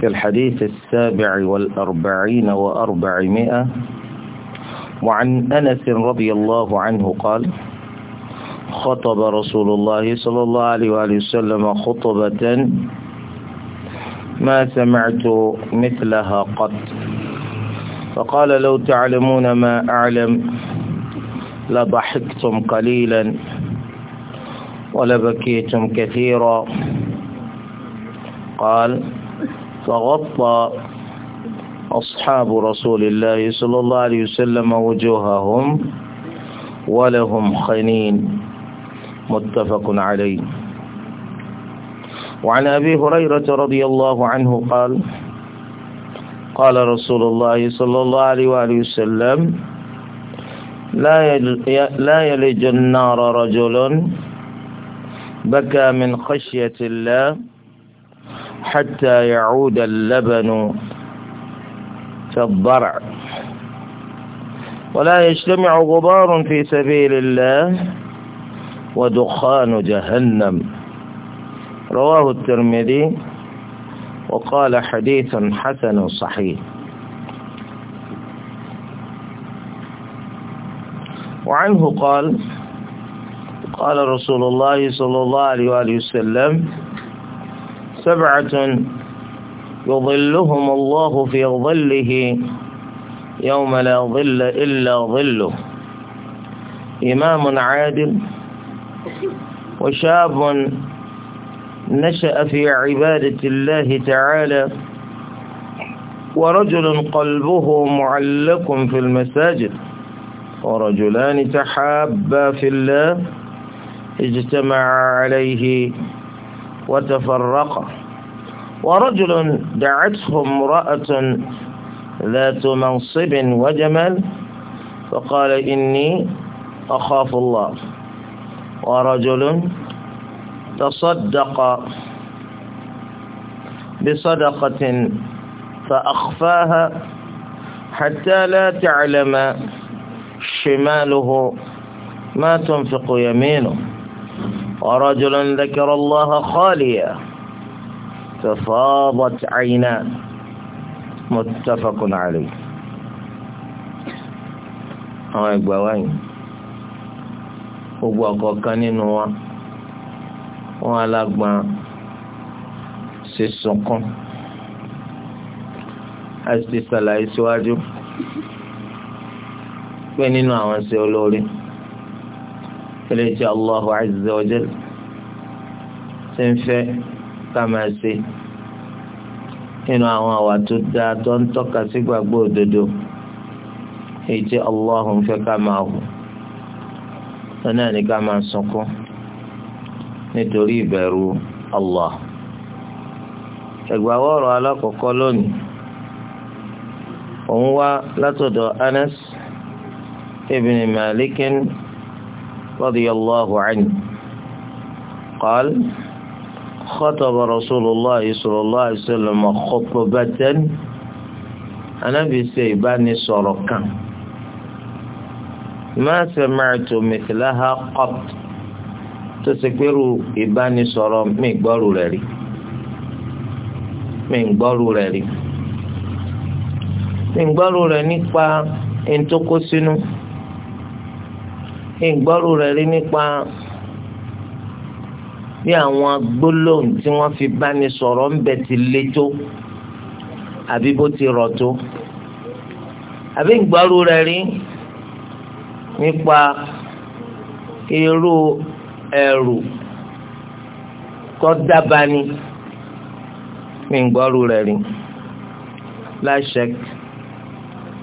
في الحديث السابع والأربعين وأربعمائة وعن أنس رضي الله عنه قال خطب رسول الله صلى الله عليه وآله وسلم خطبة ما سمعت مثلها قط فقال لو تعلمون ما أعلم لضحكتم قليلا ولبكيتم كثيرا قال فغطى أصحاب رسول الله صلى الله عليه وسلم وجوههم ولهم خنين متفق عليه وعن أبي هريرة رضي الله عنه قال قال رسول الله صلى الله عليه وآله وسلم لا يلج النار رجل بكى من خشية الله حتى يعود اللبن كالضرع ولا يجتمع غبار في سبيل الله ودخان جهنم رواه الترمذي وقال حديث حسن صحيح وعنه قال قال رسول الله صلى الله عليه وآله وسلم سبعة يظلهم الله في ظله يوم لا ظل إلا ظله إمام عادل وشاب نشأ في عبادة الله تعالى ورجل قلبه معلق في المساجد ورجلان تحابا في الله اجتمع عليه وتفرقا ورجل دعته امرأة ذات منصب وجمال فقال إني أخاف الله ورجل تصدق بصدقة فأخفاها حتى لا تعلم شماله ما تنفق يمينه ورجل ذكر الله خاليا تفاضت عينا متفق عليه àwọn ìgbà wáyé gbogbo ọ̀kọ̀ọ̀kan nínú wa wọn alágbọn ṣe sunkún a sì ṣàlàyé síwájú pé nínú àwọn ṣe olóore eléyìí tí Allahu Azza wa Jalla ṣe ń fẹ́ ká máa ṣe nínú àwọn àwà tó dáa tó ń tọ́ka sí gbàgbọ́ òdodo èyí tí Ọlọ́hun fẹ́ ká máa wù lọ́nà ní ká máa sunkún nítorí ìbẹ̀rù Allah. ẹ̀gbàwọ́rọ̀ alákọ̀ọ́kọ́ lónìí òun wá látọ̀dọ̀ Anas ibn Malik radiyallahu anhu qala. خطب رسول الله صلى الله عليه وسلم خطبة Ànábì ṣe ìbánisọ̀rọ̀ kan ما سمعت مثلها قط tó ṣe pé irú ìbánisọ̀rọ̀ mi gbọ́rù rẹ̀ rí mi gbọ́rù rẹ̀ rí mi gbọ́rù rẹ̀ nípa ẹni tó kó sínú mi gbọ́rù rẹ̀ rí nípa bí àwọn gbólóhùn tí wọ́n fi bá ní sọ̀rọ̀ ń bẹ ti le tó àbí bó ti rọ̀ tó àbí ìgbọ́rú rẹ̀ rí nípa irú ẹ̀rù kọ́ dábàá ni ní ìgbọ́rú rẹ̀ rí láṣẹ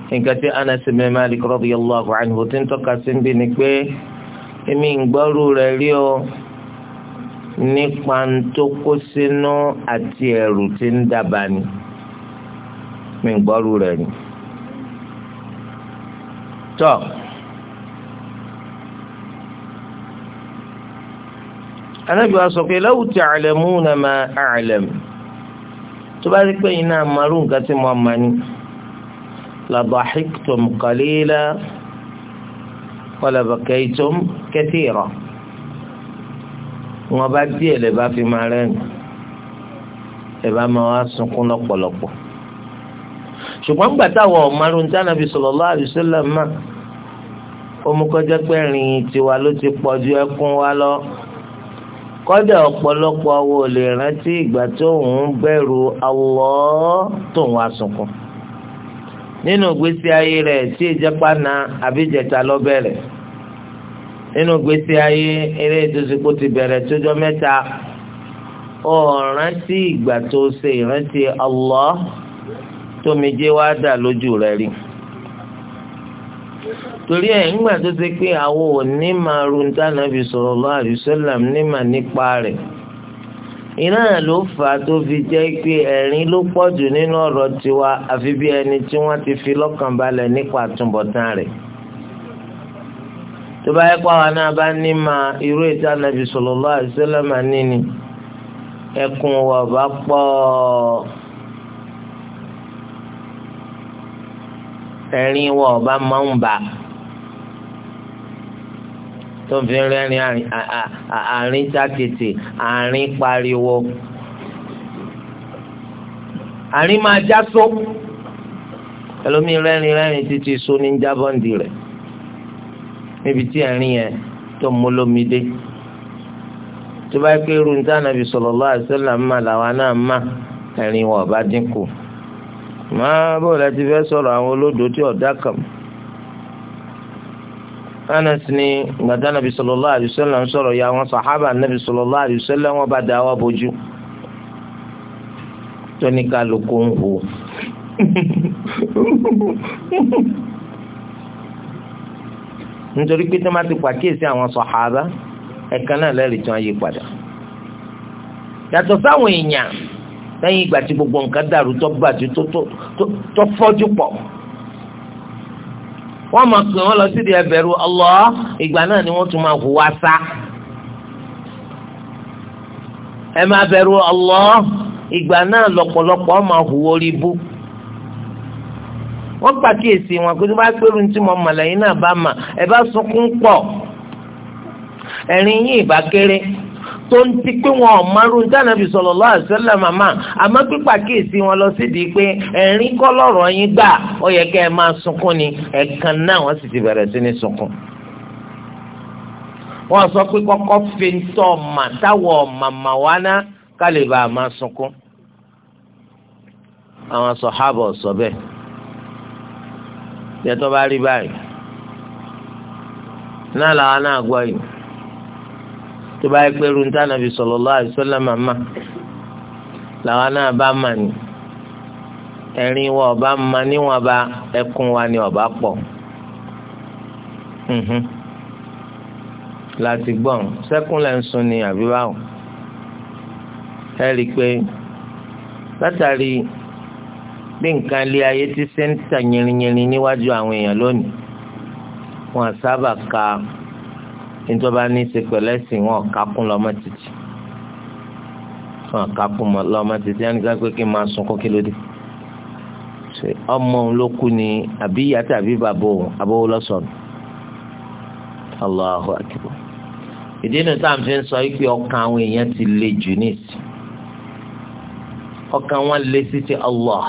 nǹkan tí Anas ibn Malik radiyallahu anhu tí ń tọ́ka sí ń bí ni pé èmi ìgbọ́rú rẹ̀ rí o nípa tó kó sínú àti ẹ̀rù tí ń dábàá ni mi gbọ́rù rẹ̀ ni. tọ́ anábì wa sọ pé law ta'lamuna ma a'lam tó bá rí pé iná àmàrú nǹkan tí mo mọ̀ ni la dahiktum qalila wa la bakaytum wọn bá díẹ̀ lè bá fi máa rẹ́rìn ẹ bá máa wá sunkún lọ́pọ̀lọpọ̀ ṣùgbọ́n gbà táwọn ọ̀marun tí Ànábì sallallahu alaihi wasallam máa ó mú kọjá pé rìn tiwa ló ti pọ̀ ju ẹkún wa lọ kọ́dà ọ̀pọ̀lọpọ̀ wo lè rántí ìgbà tó ń bẹ̀rù Allah tó ń wá sunkún nínú ìgbésí ayé rẹ̀ tí ìjẹ́pá na àbíjẹta lọ nínú gbèsè ayé eré ìdòsíkò ti bẹ̀rẹ̀ tójọ́ mẹ́ta ó rántí ìgbà tó ṣe ìrántí Allah tómijé wá dà lójú rẹ̀ rí torí ẹ̀ ńgbà tó ṣe pé àwọn òní máa ronú tánàbí sallallahu alaihi wasallam nímà nípa rẹ̀ iná ló fà á tó fi jẹ́ pé ẹ̀rín ló pọ̀ jù nínú ọ̀rọ̀ tiwa àfi bí ẹni tí wọ́n ti fi lọ́kàn balẹ̀ nípa àtúbọ̀tán rẹ̀ tó bá yẹ kó àwọn náà bá ní ma irú ètò ànábì sallallahu alaihi wasallam níní ẹkùn wà bá pọ̀ ẹ̀rín wà bá máa ń bà tó ń fi rẹ́rìn àárín tàkìtì àárín pariwo àárín máa já só ẹlòmíì rẹ́rìn rẹ́rìn títí só ní jábọ́ǹdì rẹ̀ níbi tí ẹ̀rín yẹn tó mólómi dé tó bá pé irú níta nàbì sallallahu alaihi wasallam mà làwa náà mà ẹ̀rín wọn ọba dínkù máa bó la ti fẹ́ sọ̀rọ̀ àwọn olódò tí ọ̀dà kàn Anas ni gbàdá nàbì sallallahu alaihi wasallam ń sọ̀rọ̀ ya wọn sàhábà nàbì sallallahu alaihi wasallam wọn bá dá wa bójú tó ní kálukú ń hù. nítorí pé tí wọ́n ti pàkíyèsí àwọn sọ̀hábà ẹ̀kan náà lẹ́rìí tí wọ́n yí padà. yàtọ̀ sáwọn èèyàn lẹ́yìn ìgbà tí gbogbo nǹkan dàrú tó gbàjú tó fọ́jú pọ̀ wọ́n máa pè wọ́n lọ sídìí ẹbẹ̀rù Allah ìgbà náà ni wọ́n tún máa hùwà sá ẹ máa bẹ̀rù Allah ìgbà náà lọ́pọ̀lọpọ̀ máa hùwà orí bú. wọ́n pàkíyèsí wọn pé tó bá gbèrú tí mo mọ̀ lẹ́yìn náà bá mà ẹ bá sunkún pọ̀ ẹ̀rín yín ìbá kéré tó ń ti pé wọn ò márùn dánàbì sọ̀rọ̀ alaihi wasallam màmá àmọ́ pípa kíyèsí wọn lọ sídìí pé ẹ̀rín kọ́lọ́rọ̀ gbà ó yẹ kẹ́ ẹ máa sunkún ni ẹ̀kan náà wọ́n sì ti bẹ̀rẹ̀ sí ní sunkún wọ́n sọ pé kọ́kọ́ fi yẹtọ́ bá rí báyìí náà làwọn náà gbọ́ yìí tó bá yẹ pé runta nàbì sallallahu alaihi wasallam màmá làwọn náà bá mà ní ẹ̀rín wa ọba mà níwọ̀n bá ẹkún wa ni ọba pọ̀ láti gbọ́n sẹ́kùn ń sun ni àbí ẹ rí i pé látàrí bí nǹkan ilé ayé ti sẹ́ńtà yìnrìnyìnrìn níwájú àwọn èèyàn lónìí wọn sábà ka ìjọba ní í ṣe pẹ̀lú ẹ̀sìn wọn kà kún lọ́mọ títì wọn kà kún lọ́mọ títì ẹnìkan pé kí n máa sunkún kí ló dé ọmọ òun ló kú ni àbí ìyá tàbí bàbá òun abówó lọ́sọ̀nù Allahu akbar ìdí inú tá à ń fi sọ pé ọkàn àwọn èèyàn ti le jù ní ìsìn ọkàn wọn le sí ti Allah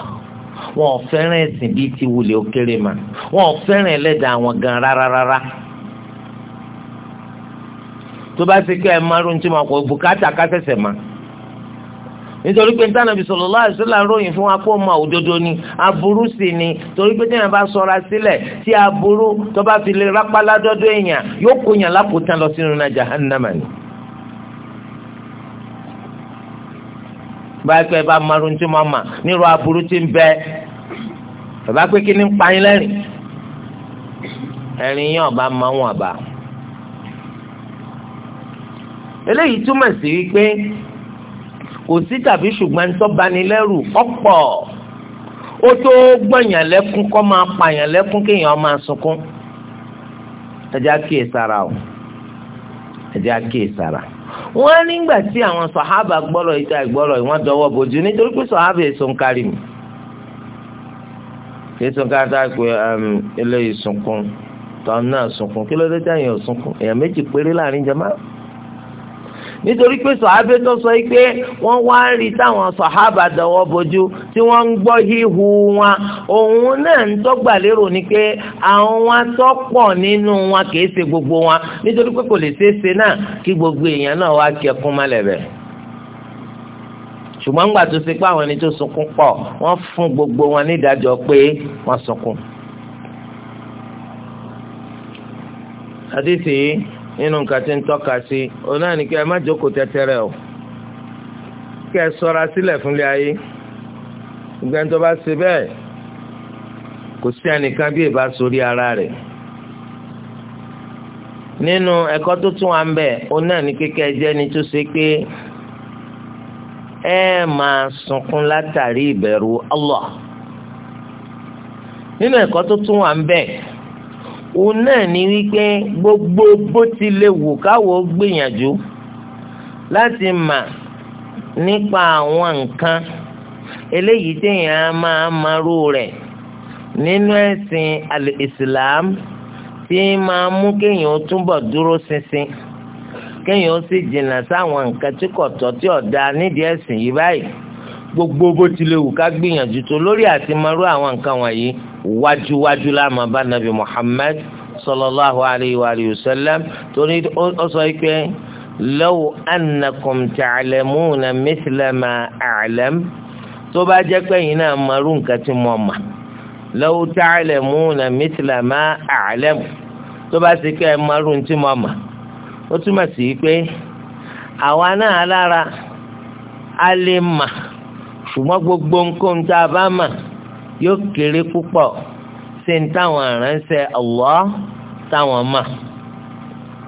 wọn ò fẹ́ràn ẹ̀sìn bíi ti wulẹ̀ ó kéré mà wọn ò fẹ́ràn ẹlẹ́dàá wọn gan rárá rárá tó bá ṣe kí ẹ máa ronú tí mo kọ bùkátà kásẹ̀sẹ̀ ma nítorí pé Ànábì sallallahu alaihi wasallam ròyìn fún wa kó ma òdodo ni aburú sì ni torí pé téèyàn bá sọra sílẹ̀ tí aburú tó bá fi lè rápálá dọ́dọ̀ èèyàn yóò kó yàn lápò tán lọ sínú náà jahannama ni. báyìí pé ẹ bá marun tí mo mà nírú aburú tí ń bẹ bàbá pé kí ni ń pa yín lẹ́rìn ẹ̀rín yín ọba máa ń wọ̀n bá. eléyìí túmọ̀ sí wípé kò sí tàbí ṣùgbọ́n tó bani lẹ́rù ọ̀pọ̀ ó tó gbọ̀nyàn lẹ́kún kó máa pààyàn lẹ́kún kéèyàn máa sunkún ẹ jẹ́ á kíyè o ẹ jẹ́ á kíyè sára wọ́n nígbà tí àwọn sọ̀hábà gbọ́rọ̀ ìta ìgbọ́rọ̀ ìwọ́n dọwọ́ bojú nítorí pé sọ̀hábà èso ń kárí mi èso ń kárí tá a pé um, eléyìí sunkún tọ́ náà sunkún kí ló dé tẹ́yìn ò sunkún èèyàn méjì péré láàrin jẹ́máà. nítorí pé sọ̀hábẹ́ tó sọ pé wọ́n wá ń rí táwọn sọ̀hábà dọ̀wọ́ bojú tí wọ́n ń gbọ́ híhu wọn òun náà ń tọ́gbà lérò ni pé àwọn pọ̀ nínú wọn kì ṣe gbogbo wọn nítorí pé kò lè ṣe náà kí gbogbo èèyàn náà wá kẹkún mọ́lẹ̀ naa ṣùgbọ́n gbogbo wọn nídàjọ́ pé wọ́n sunkún. àdìsí nínú nǹkan tí ń tọ́ka sí òun náà ní kí ẹ má jókòó tẹ́tẹ́rẹ́ o kí ẹ sọ́ra sílẹ̀ fúnlé ayé ìgbà tó bá ṣe bẹ́ẹ̀ kò sí ẹnìkan bí ìbá sórí ara rẹ̀ nínú ẹ̀kọ́ tó tún wà ń bẹ òun náà ní kíkẹ́ jẹ́ ni tó ṣe pé ẹ máa sunkún látàrí ìbẹ̀rù nínú ẹ̀kọ́ tó tún wà ń òun náà ni wípé gbogbo bó ti lè wù káwọ́ gbìyànjú láti mà nípa àwọn nǹkan eléyìí téèyàn á máa marú rẹ̀ nínú ẹ̀sìn alìsìlám tí máa mú kéèyàn túbọ̀ dúró ṣinṣin kéèyàn ó sì jìnnà sáwọn nǹkan tí kò tọ́ tí ò nídìí ẹ̀sìn yìí báyìí gbogbo bó ti lè wù ká gbìyànjú tó lórí àti marú àwọn nǹkan wọ̀nyí wájúwájú láàmú bá nàbì Muhammad sallallahu alayhi wa sallam torí ó sọ pé law annakum ta'lamuna mithla ma a'lam tó bá jẹ́ pé yín náà mọ̀rú nǹkan tí mo mọ̀ law ta'lamuna mithla ma a'lam tó bá sì kẹ́ ẹ̀ mọ̀rú tí mo mọ̀ ó túmọ̀ sí pé àwa náà lára a lè mà ṣùgbọ́n gbogbo nǹkan tá a bá mà yóò kéré púpọ̀ sí ní táwọn aránṣẹ́ Allah táwọn mà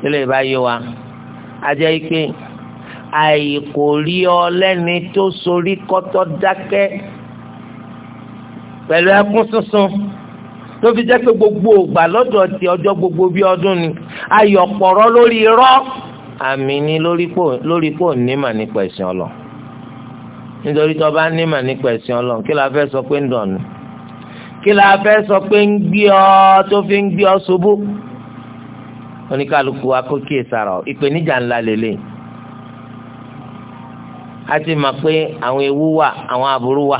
tẹ́lẹ̀ bá yé wa ajẹ́ ike àìkò rí ọ lẹ́ni tó sorí kọ́tọ́ dákẹ́ pẹ̀lú ẹkún sísun tó fi jẹ́ pé gbogbo ògbà lọ́dọ̀ ti ọjọ́ gbogbo bí ọdún ni ayọ̀ pọ̀rọ̀ lórí irọ́ àmì ni lórí pò nímà nípa ẹ̀sìn ọlọ nítorí tó bá nímà nípa ẹ̀sìn ọlọ kí la fẹ́ sọ pé ń dọ̀nù kí la fẹ́ sọ pé ń gbé ọ tó fi ń gbé ọ ṣubú oníkàlùkù wa kó kíyè sára ọ ìpèníjà ńlá lélẹ̀ a ti mọ̀ pé àwọn ewu wà àwọn aburú wà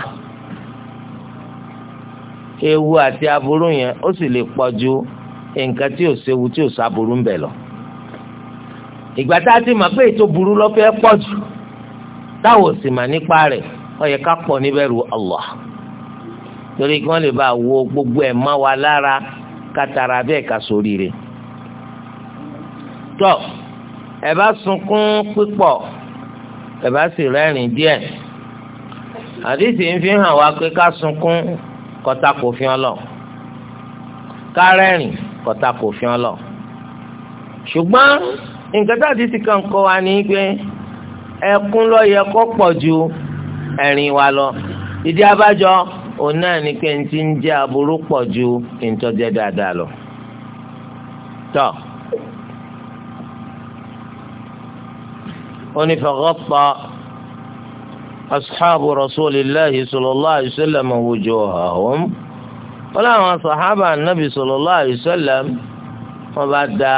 ewu àti aburú yẹn ó sì lè pọ̀ ju nǹkan tí ò séwu tí ò sáburú ń bẹ lọ ìgbà tá a ti mọ̀ pé ètò burú lọ́fẹ́ pọ̀ jù táwọn ò sì mà nípa rẹ̀ ó yẹ ká pọ̀ níbẹ̀rù Allah torí kí wọ́n lè bá wo gbogbo ẹ̀ mọ́ wa lára kátàrà bẹ́ẹ̀ ká sórí rẹ̀. tọ́ ẹ bá sunkún pípọ̀ ẹ bá sì rẹ́rìn díẹ̀ àdìsí ń fi hàn wá pé ká sunkún kọ́tà kò fi hàn lọ ká rẹ́rìn kọ́tà kò fi hàn lọ ṣùgbọ́n nǹkan tá a ti ti kàn kọ́ wa ni pé ẹkún ló yẹ kó pọ̀ ju ẹ̀rín wa lọ ìdí abájọ òun náà ni pé n ti ń jẹ́ aburú pọ̀ ju ìtọ́jẹ́ dáadáa lọ. tọ́ onífọ̀gọ́pọ̀ asxaabu rasulillahi sallallahu alayhi wa sallam wujuhahum wọ́n láwọn sàhábà nàbì sallallahu alayhi wa sallam wọ́n bá da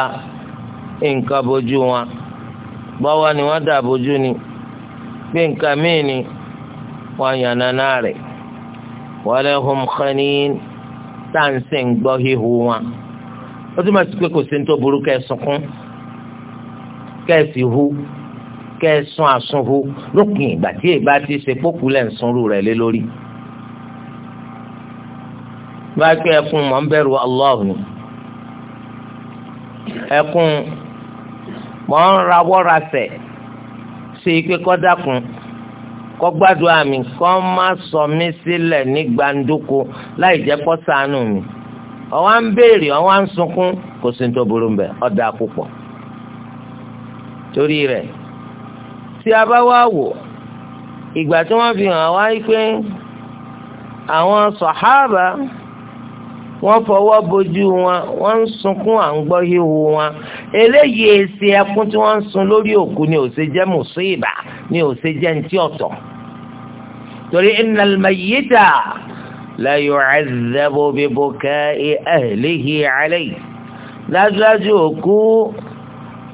nǹkan bójú wọn bọ́wọ́ ni wọ́n dà bójú ni bí nǹkan míì ni wọ́n yànnà náà rẹ̀ walahum khanin táǹsì ń gbọ́ híhu wọn ó túmọ̀ sí pé kò sí ní tó burú kẹ́ ẹ sunkún kẹ́ ẹ sì hu kẹ́ ẹ ìgbà tí ìgbà ti ṣe pókú lẹ́ ń sunrú rẹ̀ lé lórí. bá a ẹkún mọ̀ ń bẹ̀rù Allah ẹkún mọ̀ ń rawọ́ rasẹ̀ sí i kọ́ dákun kó gbàdúrà mi kó má sọ mí sílẹ̀ ní gbàǹdùkú láì jẹ́ kó ṣàánú mi ọwọ́ ń béèrè ọwọ́ ń sunkún kò sí ní tó burú mbẹ ọ̀dà púpọ̀ torí rẹ̀ tí a bá wá wò ìgbà tí wọ́n fi hàn wá pé àwọn sàhábà wọ́n fọwọ́ bojú wọn wọ́n ń sunkún à ń gbọ́ híhu wọn eléyìí èsì ẹkún tí wọ́n ń sun lórí òkú ni ò ṣe jẹ́ mùsíbà ni ò ṣe jẹ́ ntí ọ̀tọ̀. torí innal mayyita la yu'adhabu bi buka'i ahlihi alayhi dájúdájú òkú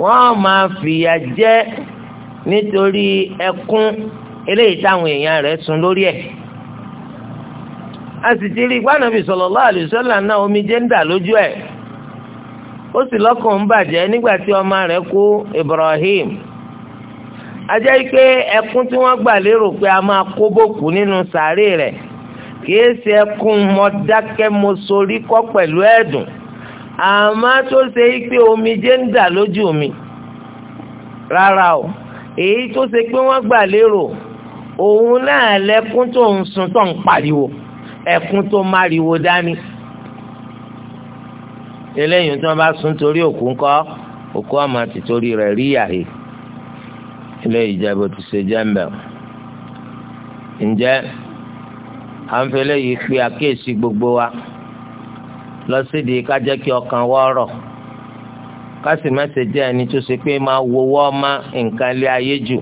wọn máa fìyà jẹ nítorí ẹkún eléyìí táwọn èèyàn rẹ sun lórí ẹ a sì ti rí ipá nàbì sallallahu alaihi wasallam náà omijé ń dà lójú ẹ̀ ó sì lọ́kàn ń bàjẹ́ nígbà tí ọmọ rẹ̀ kú Ibrahim ajẹ́ pé ẹkún tí wọ́n gbà lérò pé a máa kó bòkú nínú sàárè rẹ̀ kìí ṣe ẹkún mọ dákẹ́ mo sorí kọ́ pẹ̀lú ẹ̀dùn àmọ́ tó ṣe pé omijé ń dà lójú mi rárá o èyí tó ṣe pé wọ́n gbà lérò òun náà lẹ́kún tó ń sun tó ń pariwo ẹkún tó máriwo dání eléyìí tí wọ́n bá sun torí òkú ńkọ́ òkú ọmọ ti torí rẹ̀ rí yàrá. ilé ìjẹ́bù ti ṣe nje ǹjẹ́ à ń pe gbogbo wa lọ sídìí ká jẹ́ kí ọkàn wọ́ọ̀rọ̀ ká sì mẹ́sẹ̀ jẹ́ ẹni tó ṣe pé máa wọ́wọ́ ọmọ nǹkan ilé ayé jù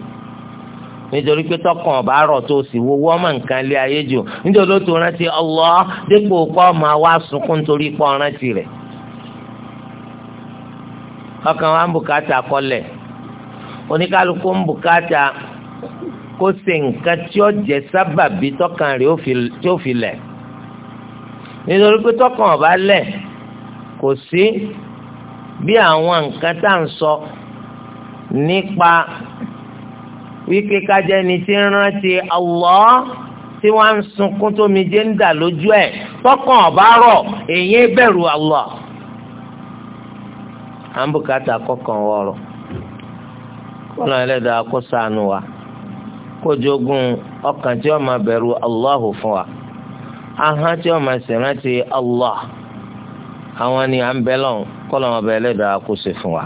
nítorí pé tọkàn ọba rọ̀ tó sì wọ́wọ́ ọmọ nǹkan ilé ayé jù nítorí ó tó rántí Allah dípò kọ́ máa wá sunkún torí pọ́ rántí rẹ̀ ọkàn wa ń bùkátà kọlẹ̀ oníkálukú ń bùkátà kó ṣe nǹkan tí ó jẹ sábàbí tọkàn rẹ̀ tí ó fi lẹ̀ nítorí pé tọkàn ọba lẹ̀ kò sí bí àwọn nǹkan tá à ń sọ nípa wípé kájẹ́ ni tí rántí Allah tí wọ́n ń sunkún tómi jẹ́ ń dà lójú ẹ̀ tọkàn ọba rọ̀ èyí bẹ̀rù Allah à ń bùkátà kọkàn kọ́nà ẹlẹ́dàá kó ṣàánú wa kó jogún ọkàn tí ó máa bẹ̀rù Allahu fún wa ahọ́n tí máa ti Allah àwọn ni à ń bẹ kọ́nà ọba ẹlẹ́dàá kó fún wa.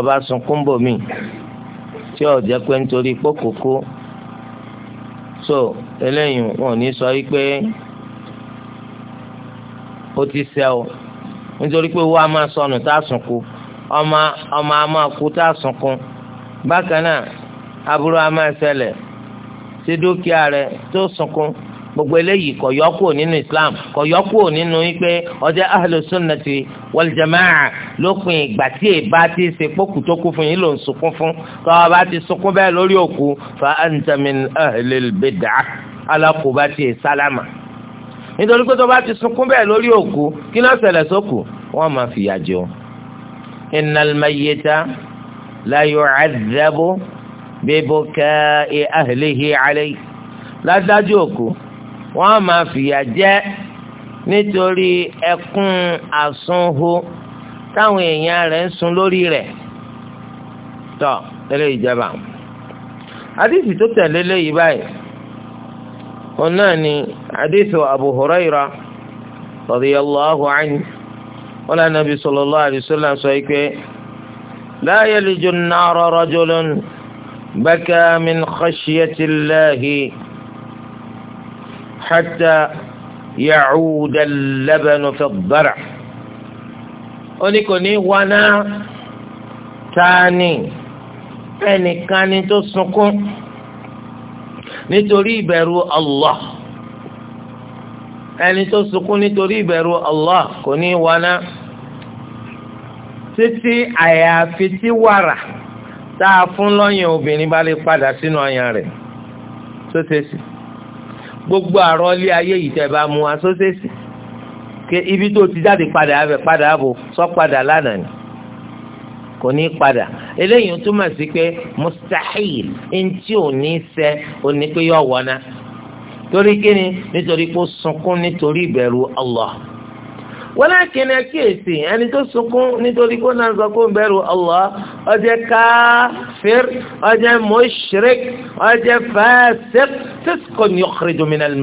ọba sun tí ó jẹ́ so eléyìí wọn ò ní sọ wípé ó nítorí pé owó a máa sọnù tá a sunkún ọmọ ọmọ a máa kú tá a sunkún bákan náà aburú a máa ṣẹlẹ̀ sí dúkìá rẹ tó sunkún gbogbo eléyìí kò yọ nínú islam kò yọ kúrò nínú wípé ọjọ ahlu sunnati wal jamaa lópin ìgbà tí èèbá ti ṣe pókù tó kú fún yín ló ń sunkún fún tó bá ti sunkún bẹ́ẹ̀ lórí òkú fa anta min ahlil bid'ah alákòóbá ti sálámà nítorí pé tó bá ti sunkún bẹ́ẹ̀ lórí òkú kí ló ṣẹlẹ̀ sókù wọ́n máa fìyà jẹ o. innal mayyita la yu'adhabu bi buka'i ahlihi alayhi ládájú òkú wọ́n máa fìyà jẹ nítorí ẹkún àsunho táwọn èèyàn rẹ̀ ń sun lórí rẹ̀ tọ́ tẹ́lẹ̀ ìjọba àdìsí tó tẹ̀lé léyìí báyìí wọn náà ni hadithu abu huraira radiyallahu anhu wọn náà nàbí sallallahu alayhi wa sallam sọ pé la yaliju an-nara rajulun baka min khashyati llahi hatta ya'uda al-labanu fi ad-dar' ó ní kò ní wọná tani ẹnìkan ni tó sunkún. nítorí ìbẹ̀rù Allah ẹni tó sunkún nítorí ìbẹ̀rù Allah kò ní wọná títí àyàfi tí wàrà tá a fún lọ́yàn obìnrin bá lè padà gbogbo àròlé ayé yìí tẹ́ bá mú wa sóṣèṣì ibi tó ti jáde padà abẹ padà abo sọ padà lánàá ni kò ní padà eléyìí túmọ̀ sí pé mustahil ntí ò ní ṣẹ ò ní pé yọ wọ́n náà torí kíni nítorí pé ó sunkún nítorí ìbẹ̀rù Allah walakin kíyèsí ẹni tó sunkún nítorí pé ó náà sọ pé ó ń bẹ̀rù Allah ó káfíìr ó jẹ́ mushrik ó jẹ́ fasiq fiskun yukhriju minal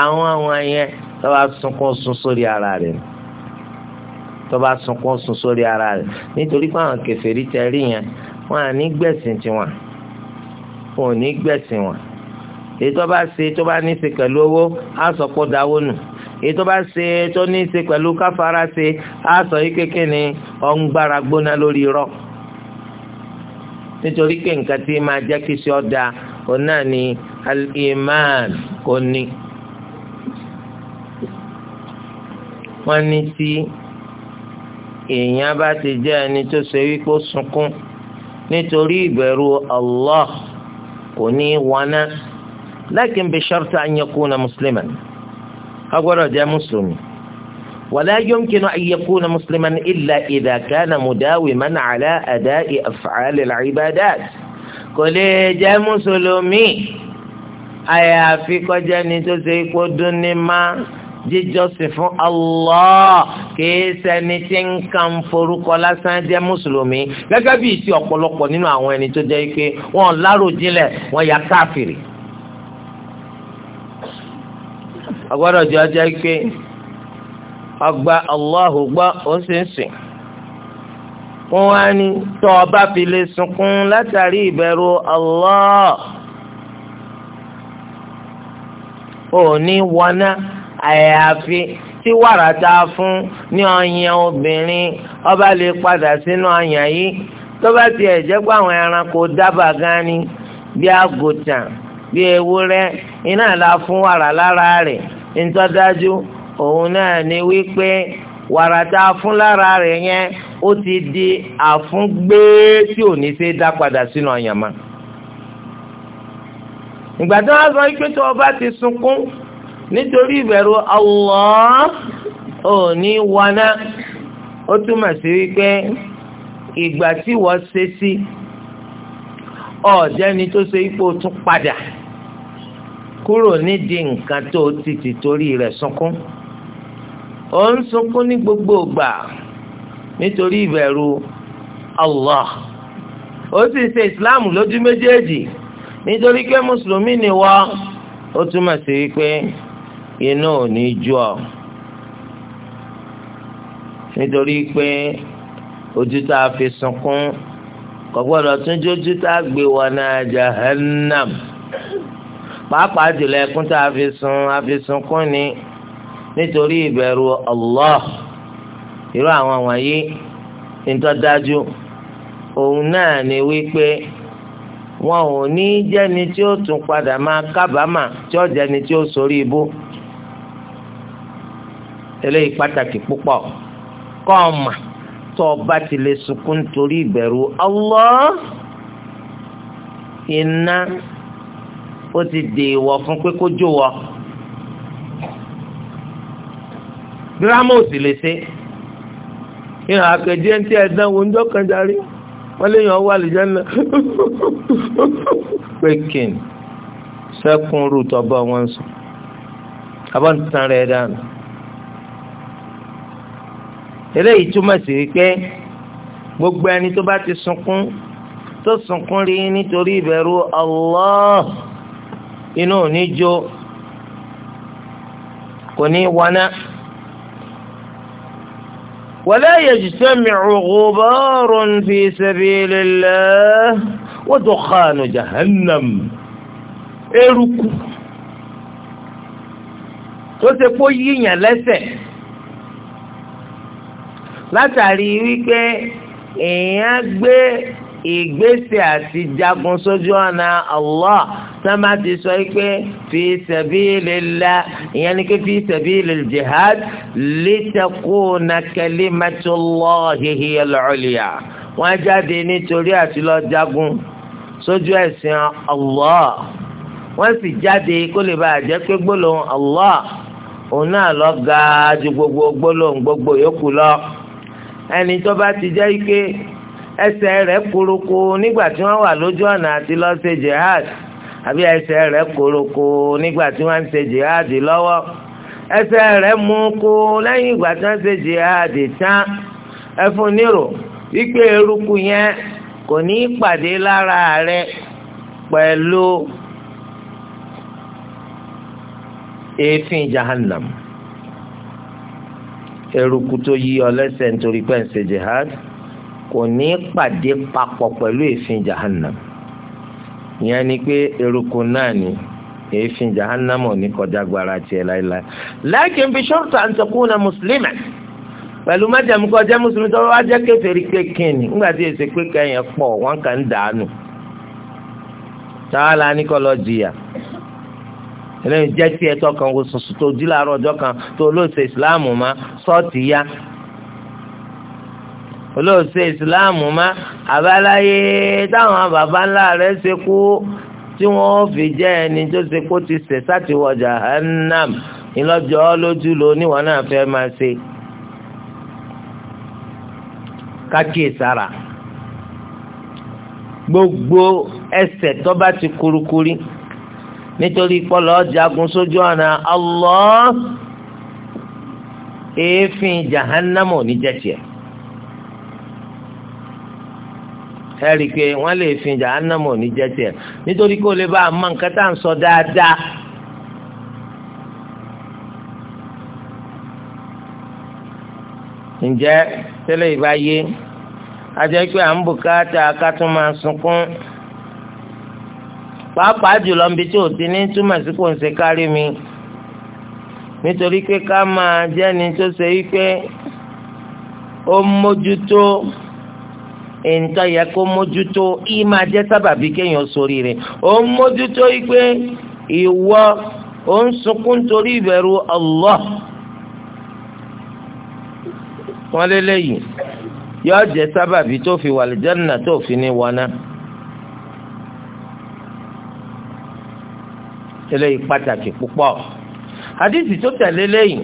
àwọn àwọn yẹn tó bá sunkún sun ara rẹ̀ ni tó bá sunkún sun sórí ara rẹ̀ nítorí pé àwọn kèfèrí tẹ rí yẹn wọn à ní gbẹ̀sìn tiwọn wọn ò ní gbẹ̀sìn wọn èyí tó bá ṣe tó bá ní í ṣe pẹ̀lú owó á sọ pé ó dáwó nù èyí tó bá ṣe tó ní í ṣe pẹ̀lú káfara ṣe á sọ yí kékeré ni ọ̀ngbára gbóná lórí irọ́ nítorí pé nǹkan tí máa jẹ́ kí ṣe ọ̀dà òun náà ni al-iman kò ní. wọ́n ní tí èèyàn bá ti jẹ́ ẹni tó ṣe wípé ó sunkún nítorí ìbẹ̀rù Allah kò ní wọná lakin bi sharti an yakuna musliman agbọ́dọ̀ jẹ́ mùsùlùmí wala yumkinu an yakuna musliman illa idha kana mudawiman ala ada'i af'ali al-ibadat kò lè jẹ́ mùsùlùmí àyàfi kó jẹ́ tó ṣe ipò dún ní máa jíjọ́sìn fún Allah kìí ṣẹni tí ń kàn forúkọ lásán jẹ́ mùsùlùmí gẹ́gẹ́ bí ti ọ̀pọ̀lọpọ̀ nínú àwọn ẹni tó jẹ́ pé wọ́n láròjinlẹ̀ wọ́n ya káfìrì. agbọ́dọ̀ jẹ́ ọjọ́ pé ọgbà Allahu gbọ́ ó sì ń sìn wọ́n wá ní tó o bá fi lè sunkún látàrí ìbẹ̀rù Allah ò ní wọná. àyàfi tí wàrà tá a fún ní ọyàn obìnrin ọba lè padà sínú ọyàn yìí tó bá tiẹ̀ jẹ́ pé àwọn ẹranko dábàá gan ni bí àgùntàn bí ewúrẹ́ iná la fún wàrà lára rẹ̀ ntọ́dájú òun náà ni wípé wàrà fun a fún lára rẹ̀ yẹn ó ti di àfúngbé tí ò ní ṣe dá padà sínú ọyàn mọ́ ìgbà tí wọ́n sọ o ti sunkún nítorí ìbẹ̀rù Allah ò wana wọná ó túmọ̀ sí wípé ìgbà tí wọ́n ṣe sí ọ̀jẹ́ni tó ṣe ipò tún padà kúrò nídìí nǹkan tó ti ti torí rẹ̀ sunkún ó ń sunkún ní gbogbo ìgbà nítorí ìbẹ̀rù Allah ó sì ṣe Islam lójú méjèèjì nítorí pé mùsùlùmí ni wọ́n ó túmọ̀ sí wípé. inú ò ní jó ọ nítorí pé ojú tá a fi sunkún kò gbọ́dọ̀ tún jójú tá a gbé wọn náà jahannam pàápàá jùlọ ẹkún tá a fi sun a fi sunkún ni nítorí ìbẹ̀rù Allah irú àwọn wọ̀nyí òun náà ni wípé wọn ò ní jẹ́ni tí ó tún padà máa kábàámà tí ó jẹ́ni tí ó ibú eléyìí pàtàkì púpọ̀ kọ́ ọ mà tó o bá ti lè sunkún nítorí ìbẹ̀rù Allah iná ó ti dè wọ fún pé kó jó wọ dírámà ò sì lè ṣe ìhàn àkèjì ẹni tí ẹ dánwò ń jọkàn darí wọn léèyàn wà lìjẹ náà pékin sẹkùn rútọ bá wọn sùn abọ́ntàn rẹ̀ dànù eléyìí túmọ̀ sí wípé gbogbo ẹni tó bá ti sunkún tó sunkún rí nítorí ìbẹ̀rù Allah inú ò ní jó kò ní wọná. ولا يجتمع غبار في سبيل الله ودخان جهنم eruku tó ṣe kó yíyàn lẹ́sẹ̀ látàrí wípé èèyàn gbé ìgbésẹ̀ àti jagun sójú ọ̀nà Allah sábà ti sọ pé fi sabilillah ìyẹn ni pé fi sabilil jihad litakuna kalimatullahi hiyal ulya wọ́n jáde nítorí àti lọ jagun sójú ẹ̀sìn Allah wọ́n sì jáde kó lè bá jẹ́ pé gbólóhùn Allah òun náà lọ ga ju gbogbo gbólóhùn gbogbo yòókù lọ. ẹni tó bá ti jẹ́ ike ẹsẹ̀ rẹ̀ koroko nígbà tí wọ́n wà lójú ọ̀nà àti lọ ṣe jihad àbí ẹsẹ̀ rẹ̀ koroko nígbà tí wọ́n ń ṣe jihad lọ́wọ́ ẹsẹ̀ rẹ̀ mú leyin lẹ́yìn ìgbà tí wọ́n ṣe jihad tán ẹfun nírò wípé eruku yẹn kò ní í pàdé lára rẹ̀ pẹ̀lú èéfín jahannam. eruku tó yí ọ lẹ́sẹ̀ nítorí pé ń ṣe jihad kò ní pàdé papọ̀ pẹ̀lú èéfín jahannam ni pé eruku náà ni èéfín jahannam ò ní kọjá gbára tiẹ̀ láéláé lẹ́kìn bí ṣọ́ọ̀tà ń sọkún náà mùsùlùmí pẹ̀lú mẹ́jẹ̀mú jẹ́ mùsùlùmí tó wá jẹ́ kéferì kékin nígbà tí èsì pé kẹ́yìn pọ̀ wọ́n kàn ń eléyìí jẹ́ tí ẹ̀tọ́ kan kò sọ̀sọ̀ tó jí láàárọ̀ ọjọ́ kan tó olóòṣè ìsìláàmù má sọ́ọ̀tì yá olóòṣè ìsìláàmù má àbáláyé táwọn bàbá ńlá rẹ̀ ṣe kú tí wọ́n fi jẹ́ ẹni tó ṣe kó ti ṣẹ̀ sáti wọ jahannam ìlọ́jọ́ lójú lo níwọ̀n náà fẹ́ máa ṣe kákíyèsára gbogbo ẹsẹ̀ tó bá ti kurukuri. Kuru nítorí kpọlọ jagun sójú ọ̀nà Allah èéfín jahannama ò ní jẹ́ tiẹ̀. ẹ rí i pé wọ́n lè fi jahannama ò ní nje tiẹ̀ nítorí kó lè bá a mọ nǹkan tá à ń sọ dáadáa. ǹjẹ́ tẹ́lẹ̀ ìbá yé a jẹ́ pé à ń bùkátà ká tún máa sunkún. pàápàá jùlọ níbi tí ò ti ní túmọ̀ sí kò ń ṣe kárí mi nítorí pé ká máa jẹ́ni tó ṣe wípé ó mójútó nǹkan yẹ kó mójútó yìí máa jẹ́ sábàbí kéèyàn sórí rẹ̀ ó mójútó wípé ìwọ ó ń sunkún nítorí ìbẹ̀rù Allah wọ́n lélẹ́yìn yóò jẹ́ sábàbí tó fi fi ní eléyìí pàtàkì púpọ̀ hadisi tó tẹ̀lé lẹ́yìn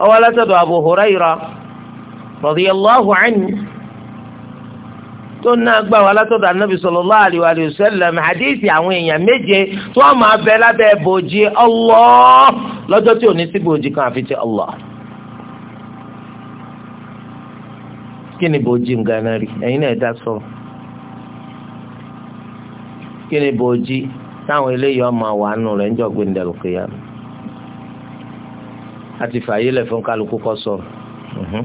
ó wá Abu Huraira radiyallahu anhu tó náà gbà wá látọ̀dọ̀ anábì sallallahu alaihi wa sallam hadisi àwọn èèyàn méje tó wọ́n máa bẹ lábẹ́ bòjì lọ́jọ́ tí ò ní kan àfi ti kí ni bòjì táwọn eléyìí ọmọ àwọn àánú rẹ̀ ń jọ gbé ndẹ̀rù kéya a ti fààyè lẹ̀ fún kálukú kọ́ sọ̀rọ̀ mhm.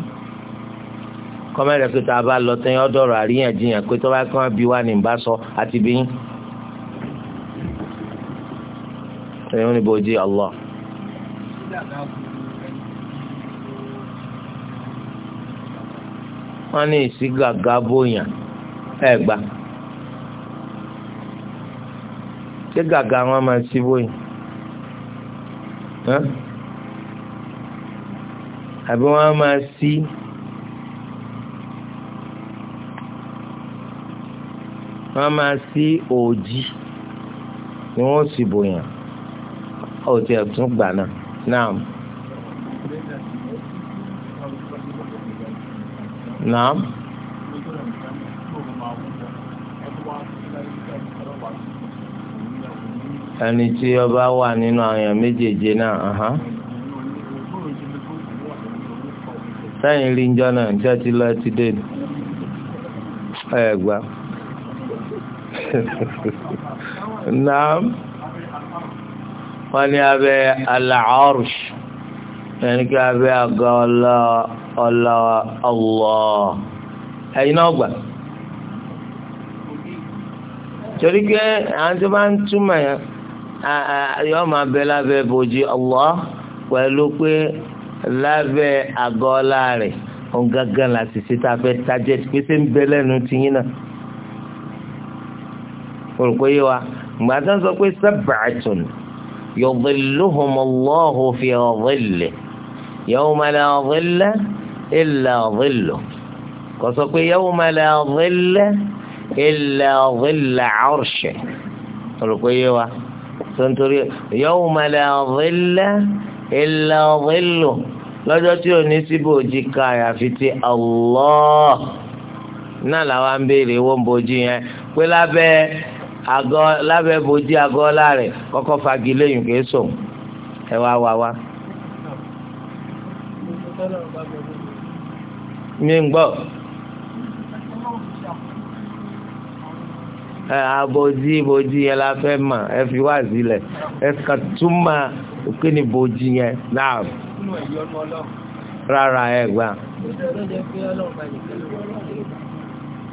kọ́mẹ́rẹ́ pé tá a bá lọ tẹ́yìn ọ̀dọ́rọ̀ àríyànjiyàn pé tó bá kí wọ́n bí wá ní bá sọ àti bí yín. ẹ̀yọ́ ni bòójì Allah. wọ́n ní ìsígàgá bóyá ẹ̀ gbà. ṣé gàgà wọn máa ṣíwó yìí àbí wọn máa ṣí wọn máa ṣí òòjì ni wọn sì bòyàn ó ti gbà náà náà náà. ẹni tí ọba wà nínú àwọn méjèèjì náà sẹ́yìn rí njọ́ náà njọ́ ti lọ ti dé ẹ gbà naam wọ́n ní abẹ́ al ẹni kí abẹ́ àga ọlá ọlá náà gbà torí pé àwọn tó bá ń túmọ̀ yẹn. yọ máa bẹ lábẹ́ bòjì Allah pẹ̀lú pé lábẹ́ àgọ́ ọlá rẹ̀ òun gángan láti ṣe tá a fẹ́ tajẹ́ pé ṣé ń bẹ lẹ́nu tiyín náà. olùkọ́ yé wa ìgbà sọ pé sab'atun yudhilluhum fi dhillihi yawma la dhilla illa kò sọ pé yawma la dhilla illa dhilla olùkọ́ yé wa sọ̀ntorí yawma la dhilla illa dhillu lọ́jọ́ tí ò ní síbò jí ká àyàfi ti Allah náà làwa ń béèrè wọ́n bójú yẹn pé lábẹ́ àgọ́ lábẹ́ bójú àgọ́ láàrẹ̀ kọ́kọ́ fagilé yìí kìí sùn ẹ wá wá wá. mi ń gbọ́. abojí bojí yẹn la fẹ́ mọ̀ ẹ wá sílẹ̀ ẹ kà túmọ̀ òkè ni bojí yẹn náà rárá ẹ gbà.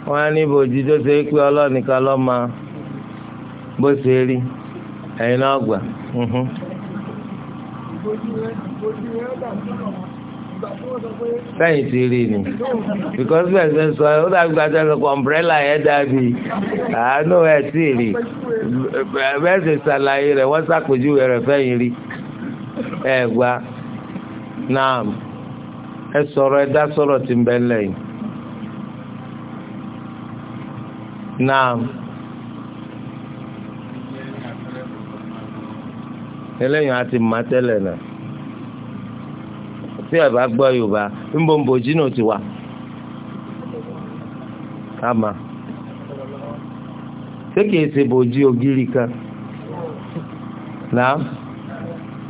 wọ́n ní bojí tó ṣe é pé ọlọ́nìkan lọ́ ma bó ṣe rí ẹ̀yin sẹ́yìn ti rí ni because bẹ́ẹ̀ ṣe sọ ó dàbí gbàtà sọ kọ̀m̀brẹ́là yẹn dàbí àánú ẹ̀ tí rí bẹ́ẹ̀ ṣàlàyé rẹ̀ wọ́n ṣàpèjúwe rẹ̀ fẹ́yìn rí gba náà ẹ sọ̀rọ̀ ẹ dá sọ̀rọ̀ ń lẹ́yìn náà. eléyìí tí ẹ bá gbọ́ yorùbá nbọ̀nbọ̀jì náà ti wà. àmà ṣé kìí ṣe bòjì ògiri kan náà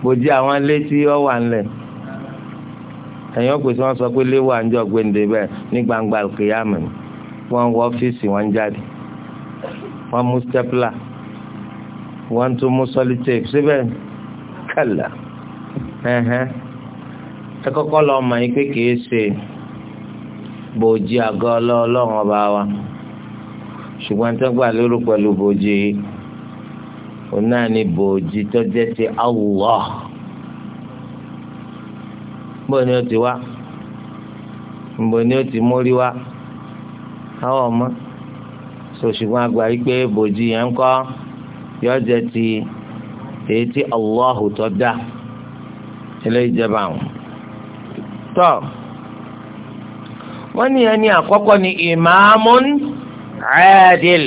bòjì àwọn ilé tí ó wà ńlẹ̀ ẹ̀yìn ọ̀pẹ̀sẹ̀ wọn sọ pé léwà ń jọ gbẹ̀ǹdẹ̀ bẹ́ẹ̀ ní gbangba kìyàmù ni wọ́n wọ ọ́fíìsì wọn jáde wọ́n mú stapler wọ́n tún mú solid tape síbẹ̀ kàlà ẹ̀hẹ́n. Uh -huh. ẹkọkọ lọ mọ̀ yín pé kìí ṣe bòójì àgọ́ ọlọ́ọ̀lọ́run ọba wa ṣùgbọ́n tó gbà lérò pẹ̀lú bòójì òun náà ni bòójì tó jẹ́ ti ni ó ti wá níbo ni ó ti mórí wá awọ ọmọ àgbà yìí pé yẹn ń yọ ti èyí tí tó dá tọ́ wọ́n ní ẹni àkọ́kọ́ ni ìmáàmún ẹ̀ẹ́dìl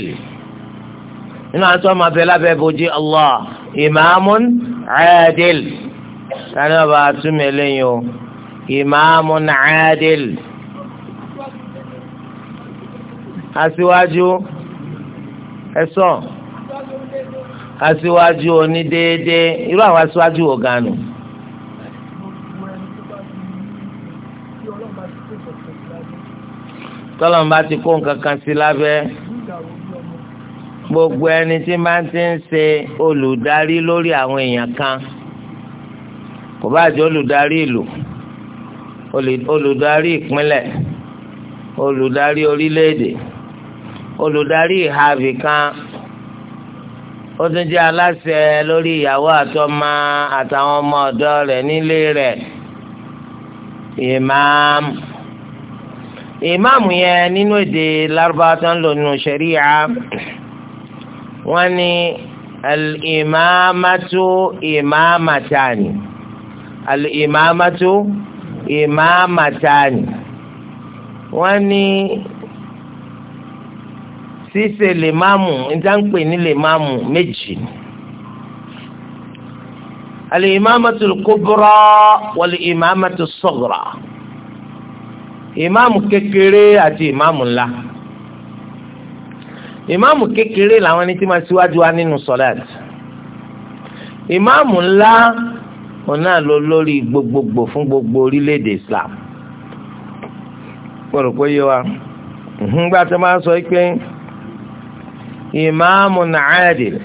nínú àti ọmọ abẹ lábẹ́ bojí Allah ìmáàmún ẹ̀ẹ́dìl sani ọba àtúmọ̀ eléyìí o ìmáàmún ẹ̀ẹ́dìl aṣíwájú ẹ̀sọ́ aṣíwájú onídéédéé irú àwọn aṣíwájú wò ganu. tọ́lọ́n bá ti kó nǹkan kan sí lábẹ́ gbogbo ẹni tí máa ti ń ṣe olùdarí lórí àwọn èèyàn kan kò bá jẹ́ olùdarí ìlú olùdarí ìpínlẹ̀ olùdarí orílẹ̀-èdè olùdarí ìhàbì kan ó tún jẹ́ aláṣẹ lórí ìyàwó àtọmọ àtàwọn ọmọ ọ̀dọ́ rẹ̀ nílé rẹ̀ ìmáàmù ìmáàmù yẹn nínú èdè lárúbáwá tó ń lò nínú ṣẹ̀ríà wọ́n ní al-imamatu imamatani al-imamatu imamatani wọ́n ní ṣíṣe lèmáàmù ìdáǹpè ní lèmáàmù méjì al-imamatu al-kubra wal ìmáàmù kékeré àti ìmáàmù ńlá ìmáàmù kékeré làwọn ẹni tí máa ṣíwájú wa nínú sọláàtì ìmáàmù ńlá òun náà ló lórí gbogbogbò fún gbogbo orílẹ̀-èdè Islam wọ́n rò pé yé wa ńgbà tó máa sọ pé ìmáàmù nàádìl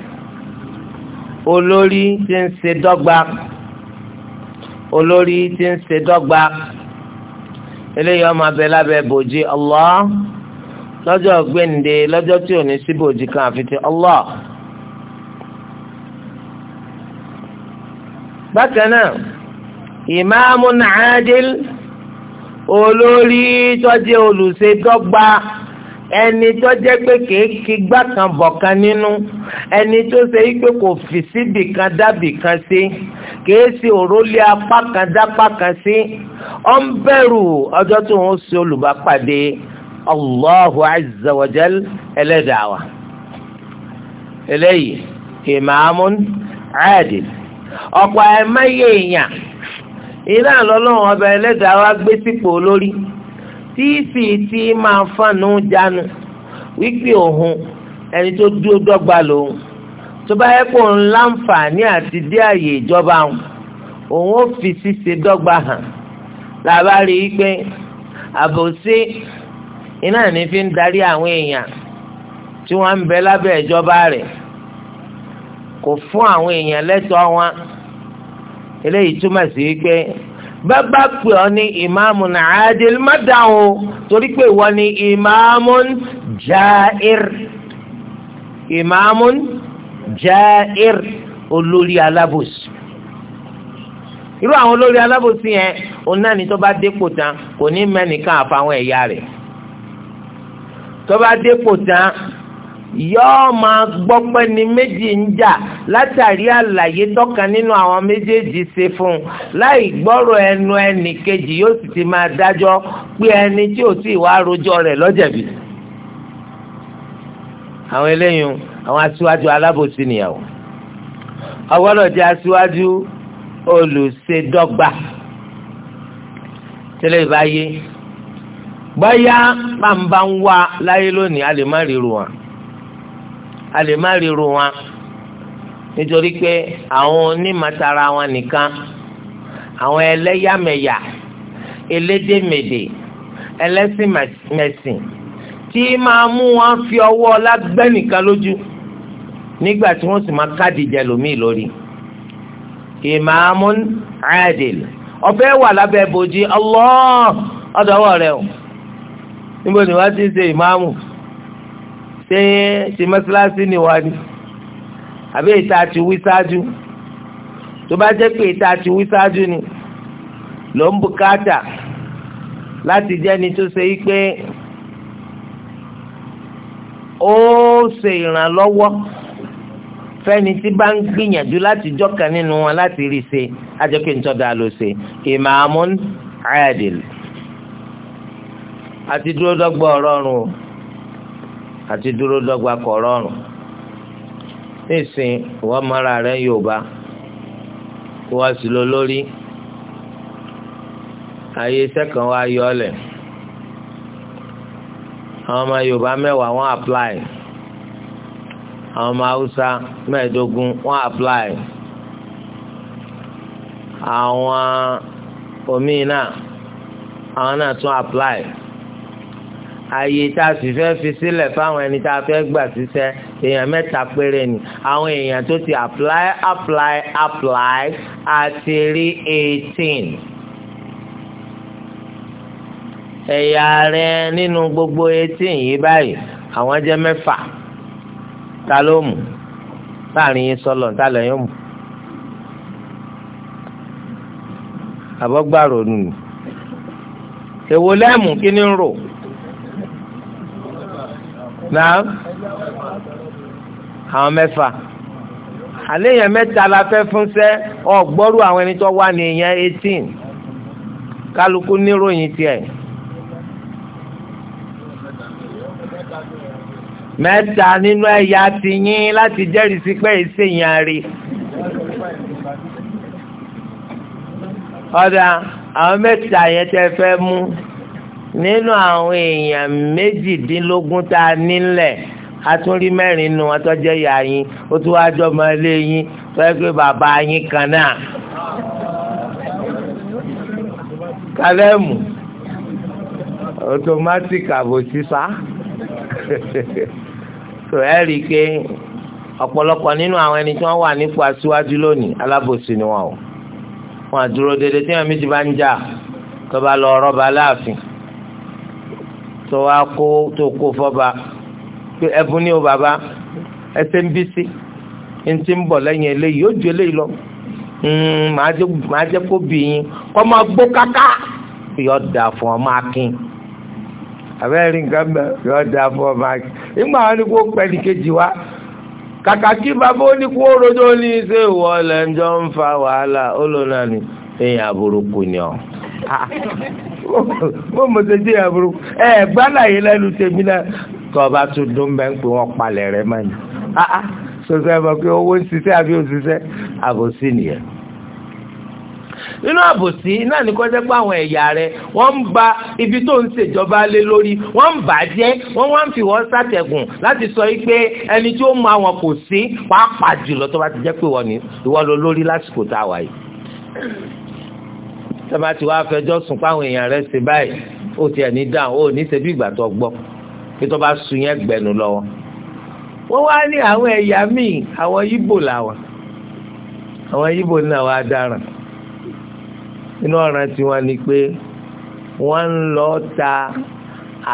olórí tí ń ṣe dọ́gba olórí tí ń ṣe dọ́gba eléyìí ọmọ abẹ lábẹ́ bòjì Allah lọ́jọ́ gbẹ̀ǹde lọ́jọ́ tí ò ní sí bòjì kan àfi ti Allah. ìmáàmù nàádìl olórí tó jẹ́ ẹni tó jẹ́ pé kéèké gbá kan bọ̀ kan nínú ẹni tó ṣe kò fi síbì kan dábì kan sí kèésì òrólé apá kan dápá kan sí ọ ń bẹ̀rù ọjọ́ tó ń ṣe olùbápàdé Allahu azza wa jal ẹlẹ́dàá wa eléyìí ìmàmún àdìl ọ̀pọ̀ tí sì ti máa fànù jánu wípé òun ẹni tó dúró dọ́gba lòun tó bá yẹ kó ń láǹfààní àti dé àyè ìjọba òun òun ó fi ṣíṣe dọ́gba hàn làbá rí i pé àbòsí iná ní fi ń darí àwọn èèyàn tí wọ́n ń bẹ lábẹ́ ìjọba rẹ̀ kò fún àwọn èèyàn lẹ́tọ̀ọ́ wọn eléyìí túmọ̀ sí wípé bàbá pè ọ́ ní ìmáàmù nàádìl má dáhùn torí pé ìwọ ni ìmáàmù jáìr ìmáàmù jáìr olórí alábòsí irú àwọn olórí alábòsí yẹn òun náà ni tó bá dépò tán kò ní mẹ́nìkan àfàwọn ẹ̀yà rẹ̀ tó bá dépò tán yọ́ọ́ máa gbọ́ pé ni méjì ń jà látàrí àlàyé tọ́kan nínú àwọn méjèèjì ṣe fún un láì gbọ́rọ̀ ẹnu ẹnì kejì yóò sì ti máa dájọ́ pé ẹni tí ò tí ì wá rojọ́ rẹ̀ lọ́jẹ̀bi. àwọn eléyìí àwọn aṣíwájú alábòsí nìyàwó ọgbọ́dọ̀ jẹ́ aṣíwájú olùṣèdọ́gba tẹ́lẹ̀ ìbáyé báyá bá ń wá láyé lónìí a lè má ríru wọn a lè má ríru wọn nítorí pé àwọn onímọ̀tara wọn nìkan àwọn ẹlẹ́yàmẹ̀yà elédèmèdè ẹlẹ́sìnmẹ̀sìn tí máa mú wọn fi ọwọ́ lágbẹ́ nìkan lójú nígbà tí wọ́n sì máa káàdì jẹ lómi lórí ìmáàmún àdìl ọ̀fẹ́ wà lábẹ́ bòjì Allah ọ̀dọ́wọ́ rẹ̀ o níbo ni wọ́n ti ṣe ìmáàmù ṣé ti mọ́ṣáláṣí ni wà ní àbí ìta ti wí ṣáájú tó bá jẹ́ pé ìta ti wí ṣáájú ni ló ń bùkátà láti jẹ́ni tó ṣe pé ó ṣe ìrànlọ́wọ́ fẹ́ni tí bá ń gbìyànjú láti jọ́ka nínú wọn láti rí ṣe ajẹ́pẹ́ ń tọ́da ló ṣe ìmàmún àyàdìl àti dúró dọ́gba ọ̀rọ̀ ọ̀run o àti dúró dọ́gba kò rọrùn nísìn ìwọ́n mọ́ra rẹ̀ Yorùbá wọ́n sì lọ lórí ààyè sẹ́kàn wa yọ ọ́ lẹ̀ àwọn ọmọ Yorùbá mẹ́wàá wọ́n apply àwọn ọmọ Haúsá mẹ́ẹ̀ẹ́dógún wọ́n apply àwọn omi náà àwọn náà tún apply àyè tá a sì fẹ́ fi sílẹ̀ fáwọn ẹni tá a fẹ́ gbà síṣẹ́ èèyàn mẹ́ta péré ni àwọn èèyàn tó ti apply apply apply àti rí eighteen. ẹ̀yà rẹ nínú gbogbo eighteen yìí báyìí àwọn jẹ́ mẹ́fà ta ló mú láàrin yín sọlọ ta lẹ́yìn mú. àbọ̀gbàrò nù. èwo lẹ́mù kí ni ń rò naam àwọn mẹ́fà àléèyàn mẹ́ta la fẹ́ fún sẹ́ ọ̀gbọ́rú àwọn ẹni tó wà ní èèyàn eighteen kálukú níròyìn tiẹ̀. mẹ́ta nínú ẹ̀yà ti yín láti jẹ́rìí sí pé ìsèyàn rí. ọ̀dà àwọn mẹ́ta yẹn tẹ́ fẹ́ mú nínú àwọn èèyàn méjìdínlógún tá a nílẹ̀ atúnrí mẹ́rin nu wọn tọ́jọ́ ìyá yín ó tún wá jọ ọmọ ilé yín tọ́jú pé bàbá yín kan náà. kálẹ́mù automatic àbòsísá tó ẹ rí i pé ọ̀pọ̀lọpọ̀ nínú àwọn ẹni tí wọ́n wà nípò aṣíwájú lónìí alábòsí ni wọn o wọn àdúró déédéé tí wọn méjì bá ń jà tó bá lọ rọ́bà láàfin tó wá kó tó kó fọ́ba pé ẹ̀bùn ní o bàbá ẹsẹ̀ ń bí sí ntí ń bọ̀ lẹ́yìn eléyìí yóò ju eléyìí lọ hmm, màá jẹ́ kó bì yín kọ́ máa gbó káká yọ da fún ọ máa kín abẹ́rẹ́ nǹkan bẹ̀ yọ da fún ọ máa kín ìgbà wọn ni kó pẹ́ ní kejì wa kàkà kí bàbá ó ní kó rojọ́ ní ṣé ìwọ lẹ́njọ́ ń fa wàhálà ó lò ni èèyàn àbúrò kù ni ọ. mo mọ̀ ṣe jẹ́ àbúrò ẹ gbálàyé lẹ́nu tèmi náà tó ọba tó dún bẹ́ẹ̀ ń pè wọ́n palẹ̀ rẹ mọ́ ni sọ̀tẹ́ ah, ah, ẹ̀ mọ̀ pé owó ń ṣiṣẹ́ àbí ó ṣiṣẹ́ àbòsí nìyẹn nínú àbòsí náà ní kọjá pé àwọn ẹ̀yà rẹ wọ́n ń ba ibi tó ń ṣèjọba lé lórí wọ́n ń bàjẹ́ wọ́n wá ń fi wọ́n sàtẹ̀gùn láti sọ yìí pé ẹni tí ó mọ àwọn kò sí pàápàá jùlọ tó bá ti jẹ́ pé ìwọ ló lórí lásìkò tá yìí sábà tí wàá fẹjọ́ sùn fáwọn èèyàn rẹ̀ ṣe báyìí ó tiẹ̀ ní dáhùn ó ní ṣe bí ìgbà tó gbọ́ pé tó bá sun yẹn gbẹnu lọ́wọ́. wọ́n wá ní àwọn ẹ̀yà míì àwọn yíbò làwọn àwọn yíbò ní àwọn adaràn inú ọ̀ràn tiwọn ni pé wọ́n ń lọ ta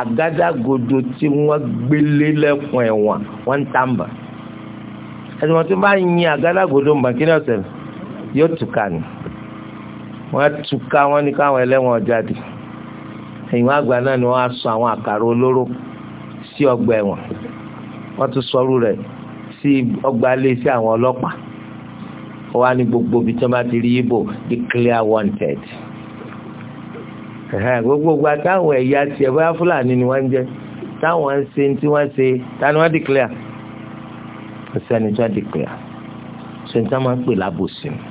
àgádágodo tí wọ́n gbélé lẹ́kùn ẹ̀wọ̀n wọ́n ń tàǹbà ẹ̀sìn wọn tó bá yin àgádágodo mbàkínà ọ̀sẹ̀ yóò tù ká ni wọ́n túká wọ́n ní káwọn ẹlẹ́wọ̀n jáde ẹ̀yìn wọn àgbà náà ni wọ́n á sọ àwọn àkàrà olóró sí ọgbà ẹ̀wọ̀n wọ́n tún sọrú rẹ̀ sí ọgbà iléeṣẹ́ àwọn ọlọ́pàá wọ́n wá ní gbogbo ibi tí wọ́n bá ti rí ibo declare wanted gbogbo gba táwọn ẹ̀yà tiẹ̀ bóyá fúlàní ni wọ́n ń jẹ́ táwọn ń ṣe tí wọ́n ṣe ta ni declare ọ̀sẹ̀ ni tí wọ́n declare ṣe ní tí wọ́n máa ń pè lábòsí ni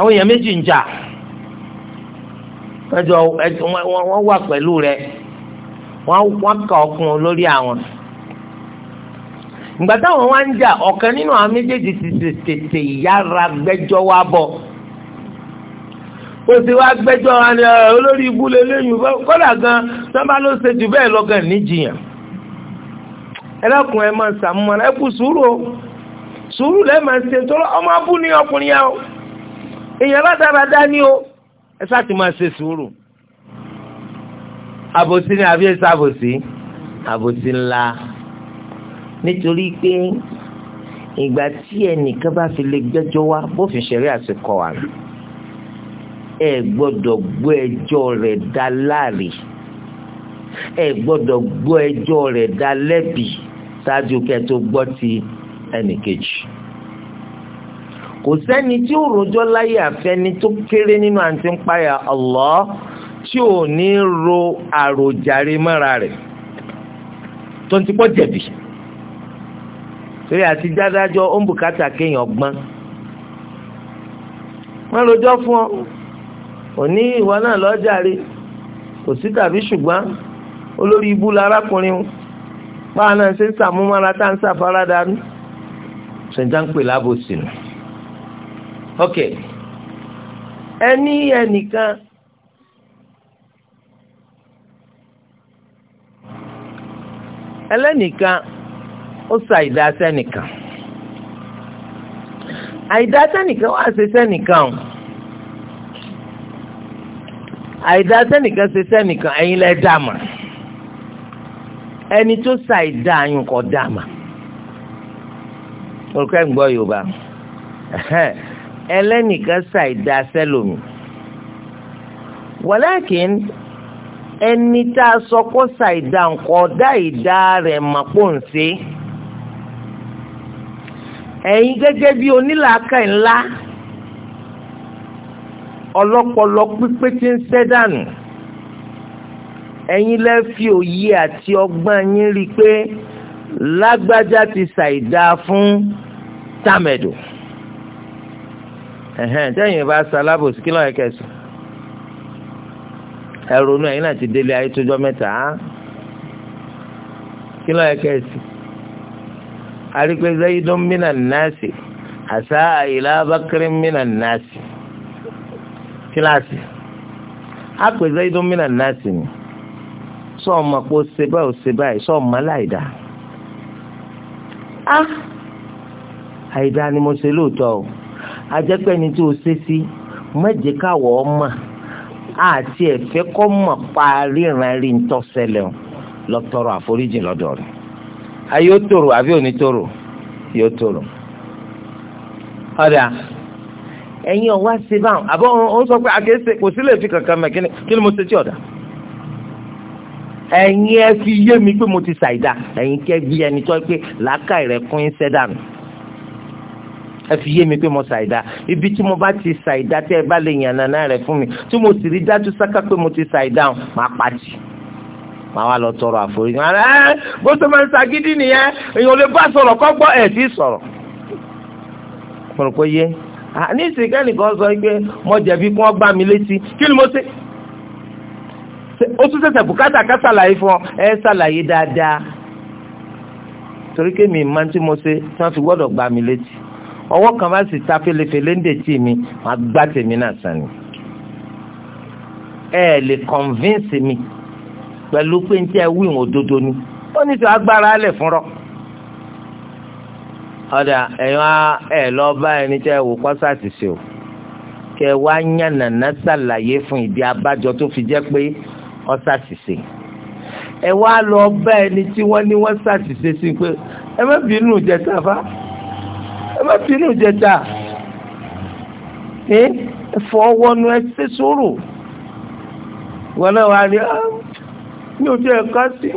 àwọn èèyàn méjì ń jà ẹjọ wọn wà pẹ̀lú rẹ wọn kà ọkùnrin lórí àwọn ìgbà táwọn wá ń jà ọ̀kan nínú àwọn méjèèjì ti tètè yára gbẹ́jọ́ wá bọ̀ ó ti wá gbẹ́jọ́ wa ni ah, olórí ibú lélẹ́yìn kọ́dà gan sábà ló ṣe jù bẹ́ẹ̀ lọ́gàn níjìyàn ẹlẹ́kùn ẹ̀ máa ṣàmúmọ́ra ẹ kú sùúrù sùúrù lẹ́ẹ̀ máa ṣe tọ́lọ́ ọmọ abú ọkùnrin yẹn o èèyàn rádaràdá ni o ẹ sáà ti máa ṣe sùúrù àbòsí ni àbí ẹsẹ àbòsí àbòsí ńlá nítorí pé ìgbà tí ẹnìkan bá fi lè gbẹ́jọ́ wá bófin ṣẹlẹ àsìkò wa ẹ gbọ́dọ̀ gbọ́ ẹjọ́ rẹ̀ dá láàrí ẹ gbọ́dọ̀ gbọ́ ẹjọ́ rẹ̀ dá lẹ́bi ṣáájú kẹ́ tó ti ẹnìkejì kò sẹ́ni tí ó rojọ́ láyé àfẹ́ni tó kéré nínú àǹtí ń páyà Allah tí ò ní ro àròjàre mọ́ra rẹ̀ tó ń tipọ́ jẹ̀bi torí àti dádájọ́ ó ń bùkátà kéèyàn gbọ́n wọ́n rojọ́ fún ọ òní ìwọ náà lọ́jàre kò sí tàbí ṣùgbọ́n olórí ibú larákùnrin báwa náà ṣe ń sàmúmọ́ra tá à ń sàfaradà ní ṣèǹtà ń pè lábòsí nù ok ẹni ẹnìkan ẹlẹ́nìkan ó sa ìdásẹ́ nìkan àìdásẹ́ nìkan wá ṣe sẹ́nìkan o àìdásẹ́ nìkan ṣe sẹ́nìkan ẹ̀yin lẹ́ dàmà ẹni tó sa ìdá ayùn kọ́ dàmà olùkọ́ ẹ̀ ń gbọ́ Yorùbá ẹ̀hẹ́n ẹlẹ́nìkan ṣàìdá sẹ́lòmí wọ́lẹ́kìn ẹni tá a sọ kó ṣàìdá nǹkan ọ̀dá ìdá rẹ̀ mà pò ń ṣe ẹ̀yin gẹ́gẹ́ bí onílàákàyè ńlá ọlọ́pọlọ pípé tí ń ṣẹ́ dànù ẹ̀yin lẹ́ fi òye àti ọgbọ́n yín rí i pé lágbájá ti ṣàìdá fún tàmẹ̀dò ẹ̀hẹ́n tẹ́yìn bá ṣalábòsí kí lọ́yẹ̀ kẹsì ẹ̀rọ̀nù ẹ̀yìn náà ti délé ayé tójọ́ mẹ́ta á kí lọ́yẹ̀ kẹsì arípẹ́sẹ́ yìí dún mínà náàsì àṣà ìlà abákẹ́rẹ́ mínà náàsì kíláàsì àpèsẹ́ yìí dún mínà náàsì ni sọ ọmọ pé ó ṣe báyìí ó ṣe báyìí sọ ọmọ aláìdá á ah! àìdá ni mo ṣe lóòótọ́ o ajẹ́pẹ́ ni tí o ṣe sí mẹ́jẹ káwọ́ ọmọ àti ẹ̀fẹ́ kọ́ mọ̀ pa ríran rí ntọ́sẹ̀lẹ̀ lọ tọrọ àforíjìn lọ́dọ̀ rẹ̀ ayé ó tòrò àbí òní tòrò yóò tòrò ọ̀dà ẹ̀yin ọ̀wá ṣe báwọn àbọ̀ òun sọ pé àkéṣe kò sí fi kankan mẹ́ kí ni mo ṣe tí ọ̀dà ẹ̀yin ẹ fi yé mi pé mo ti ṣàìdá ẹ̀yin kẹ́ bí ẹni tó pé làákàyè rẹ̀ kún iṣẹ́ dànù ẹ fi yé mi pé mo ṣàìdá ibi tí mo bá ti ṣàìdá tẹ́ ẹ bá lè yànnà náà rẹ̀ fún mi tí mo sì rí dájú sáká pé mo ti ṣàìdá hàn máa pàtì máa wá lọ tọrọ àforíjì máa rẹ ẹ bó ṣe máa ń ṣàgídí nìyẹn èèyàn lè bá sọ̀rọ̀ kọ́ gbọ́ ẹ̀ sí sọ̀rọ̀ mo rò pé yé ní ìsìnkẹ́ni kan sọ pé mo jẹ̀bi kí wọ́n gbá mi létí kí ni mo ṣe ó tún ṣẹ̀ṣẹ̀ bùkátà ká ṣàlàyé fún ẹ ṣàlàyé dáadáa torí kémi máa ń tí mo ṣe tí wọ́n fi gbọ́dọ̀ gbá mi létí ọwọ́ kan bá sì ta felefele ń dè tí mi máa gbá tèmi náà sàn ni ẹ lè convince mi pẹ̀lú pé n tẹ́ wí ìwọ̀n òdodo ni ó ní sọ agbára alẹ̀ fúnrọ́ ọ̀dà ẹ̀yàn ẹ̀ lọ bá ẹni tẹ́ wò kọ́sáàtì sí o kẹ wá yànnàná ṣàlàyé fún ìdí abájọ tó fi jẹ́ pé ọ ṣàṣìṣe ẹ wá lọ bá ẹni tí wọ́n ní wọ́n ṣàṣìṣe sí pé ẹ má bínú jẹ sáfá ẹ má bínú jẹta ẹ fọwọ́nu ẹ ṣe sòrò wọn náà wà ní ah, mi ò jẹ́ ẹ̀ka sí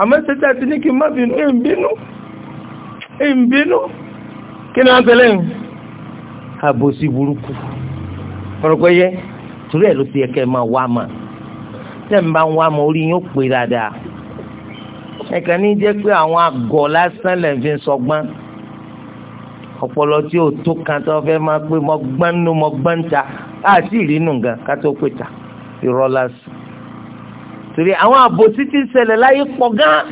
àmọ́ ṣẹ́jà ti ní kí n má bínú ẹ̀ ń bínú ẹ̀ ń bínú kí ni wọ́n tẹ́lẹ̀ ń àbòsí burúkú ọ̀rọ̀pẹ́ yẹ torí ẹ̀ ló ti yẹ kẹ́ ẹ máa wá mà tẹ́ ń bá ń wá mà orí yín ó pè dáadáa ẹ̀ka ní jẹ́ pé àwọn àgọ̀ lásán lẹ́ sọgbọ́n. So ọpọlọ tí ò tó kan tó fẹ́ máa pé mọ gbánú mọ gbáǹta àti ìrìnnù gan ká tó pè ta irọ́ lásán torí àwọn àbò títí ṣẹlẹ̀ láyé pọ̀ gan